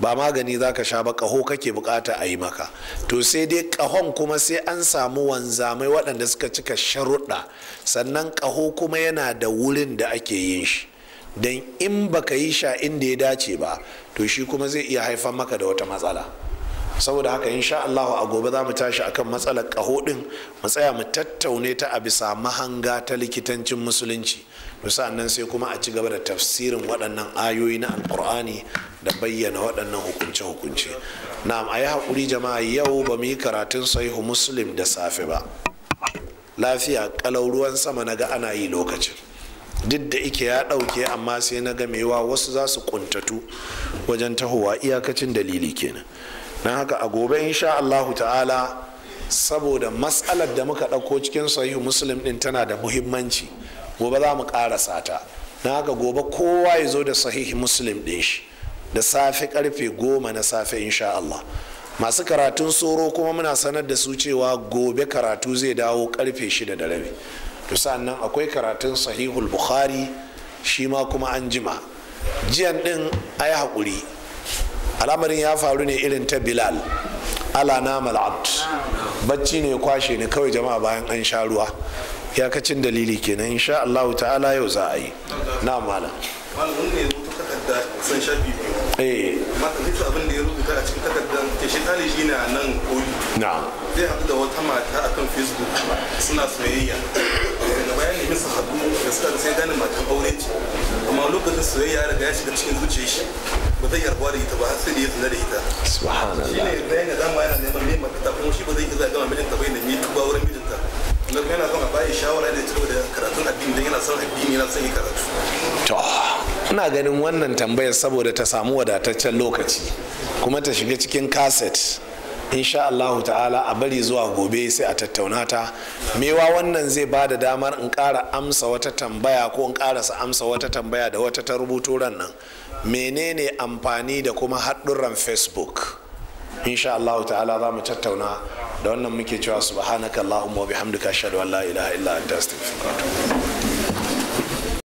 ba magani za ka sha ba ƙaho kake bukata a yi maka to sai dai ƙahon kuma sai an samu wanzamai waɗanda suka cika sharuɗa sannan ƙaho kuma yana da wurin da ake yin shi don in baka yi sha inda ya dace ba to shi kuma zai iya haifar maka da wata matsala saboda haka insha Allah a gobe za mu tashi akan matsalar kaho din mu tsaya mu tattaune ta a bisa mahanga ta likitancin musulunci musa sai kuma a ci gaba da tafsirin waɗannan ayoyi na alkur'ani da bayyana waɗannan hukunce-hukunce na'am a yi haƙuri jama'a yau ba mu yi karatun sahihu muslim da safe ba lafiya kalau ruwan sama na ga ana yi lokacin duk da ike ya ɗauke amma sai na gamewa wasu za su kuntatu wajen tahowa iyakacin dalili kenan don haka a gobe insha Allahu ta'ala saboda matsalar da muka ɗauko cikin sahihu muslim ɗin tana da muhimmanci gobe za mu ƙarasa ta don haka gobe kowa ya zo da sahihu muslim ɗin shi da safe karfe goma na safe insha Allah masu karatun tsoro kuma muna sanar da su cewa gobe karatu zai dawo karfe shida da rabi to sannan akwai karatun sahihul bukhari shi ma kuma an jima jiyan ɗin a yi haƙuri al'amarin ya faru ne irin ta bilal ala na mal'abd bacci ne kwashe ne kawai jama'a bayan an sha ruwa ya iyakacin dalili kenan insha Allah ta'ala yau za a yi na malam eh abin da ya rubuta a cikin takardar ke shi talishi na nan koli na zai haɗu da wata mata akan facebook suna soyayya daga bayan ne misa haɗu da suka sai gane matan aure ce amma lokacin soyayya da ya shiga cikin zuciyar shi ba zai yarba da ita ba sai da ya tsina da ita subhanallah shine bayan da zama yana neman mai mafita kuma shi ba zai iya gama mijinta bai da mitu ba wurin mijinta na yana son a bayi shawara da ya da karatun addini don yana son addini yana son yi karatu to ina ganin wannan tambayar saboda ta samu wadataccen lokaci kuma ta shiga cikin kaset insha Allah ta'ala a bari zuwa gobe sai a tattauna ta mewa wannan zai ba da damar in kara amsa wata tambaya ko in ƙarasa amsa wata tambaya da wata ta rubutu ran nan menene amfani da kuma haɗurran facebook insha Allah ta'ala za mu tattauna da wannan muke cewa subhanakallahumma wa bihamdika ashhadu an la ilaha illa anta astaghfiruka wa atubu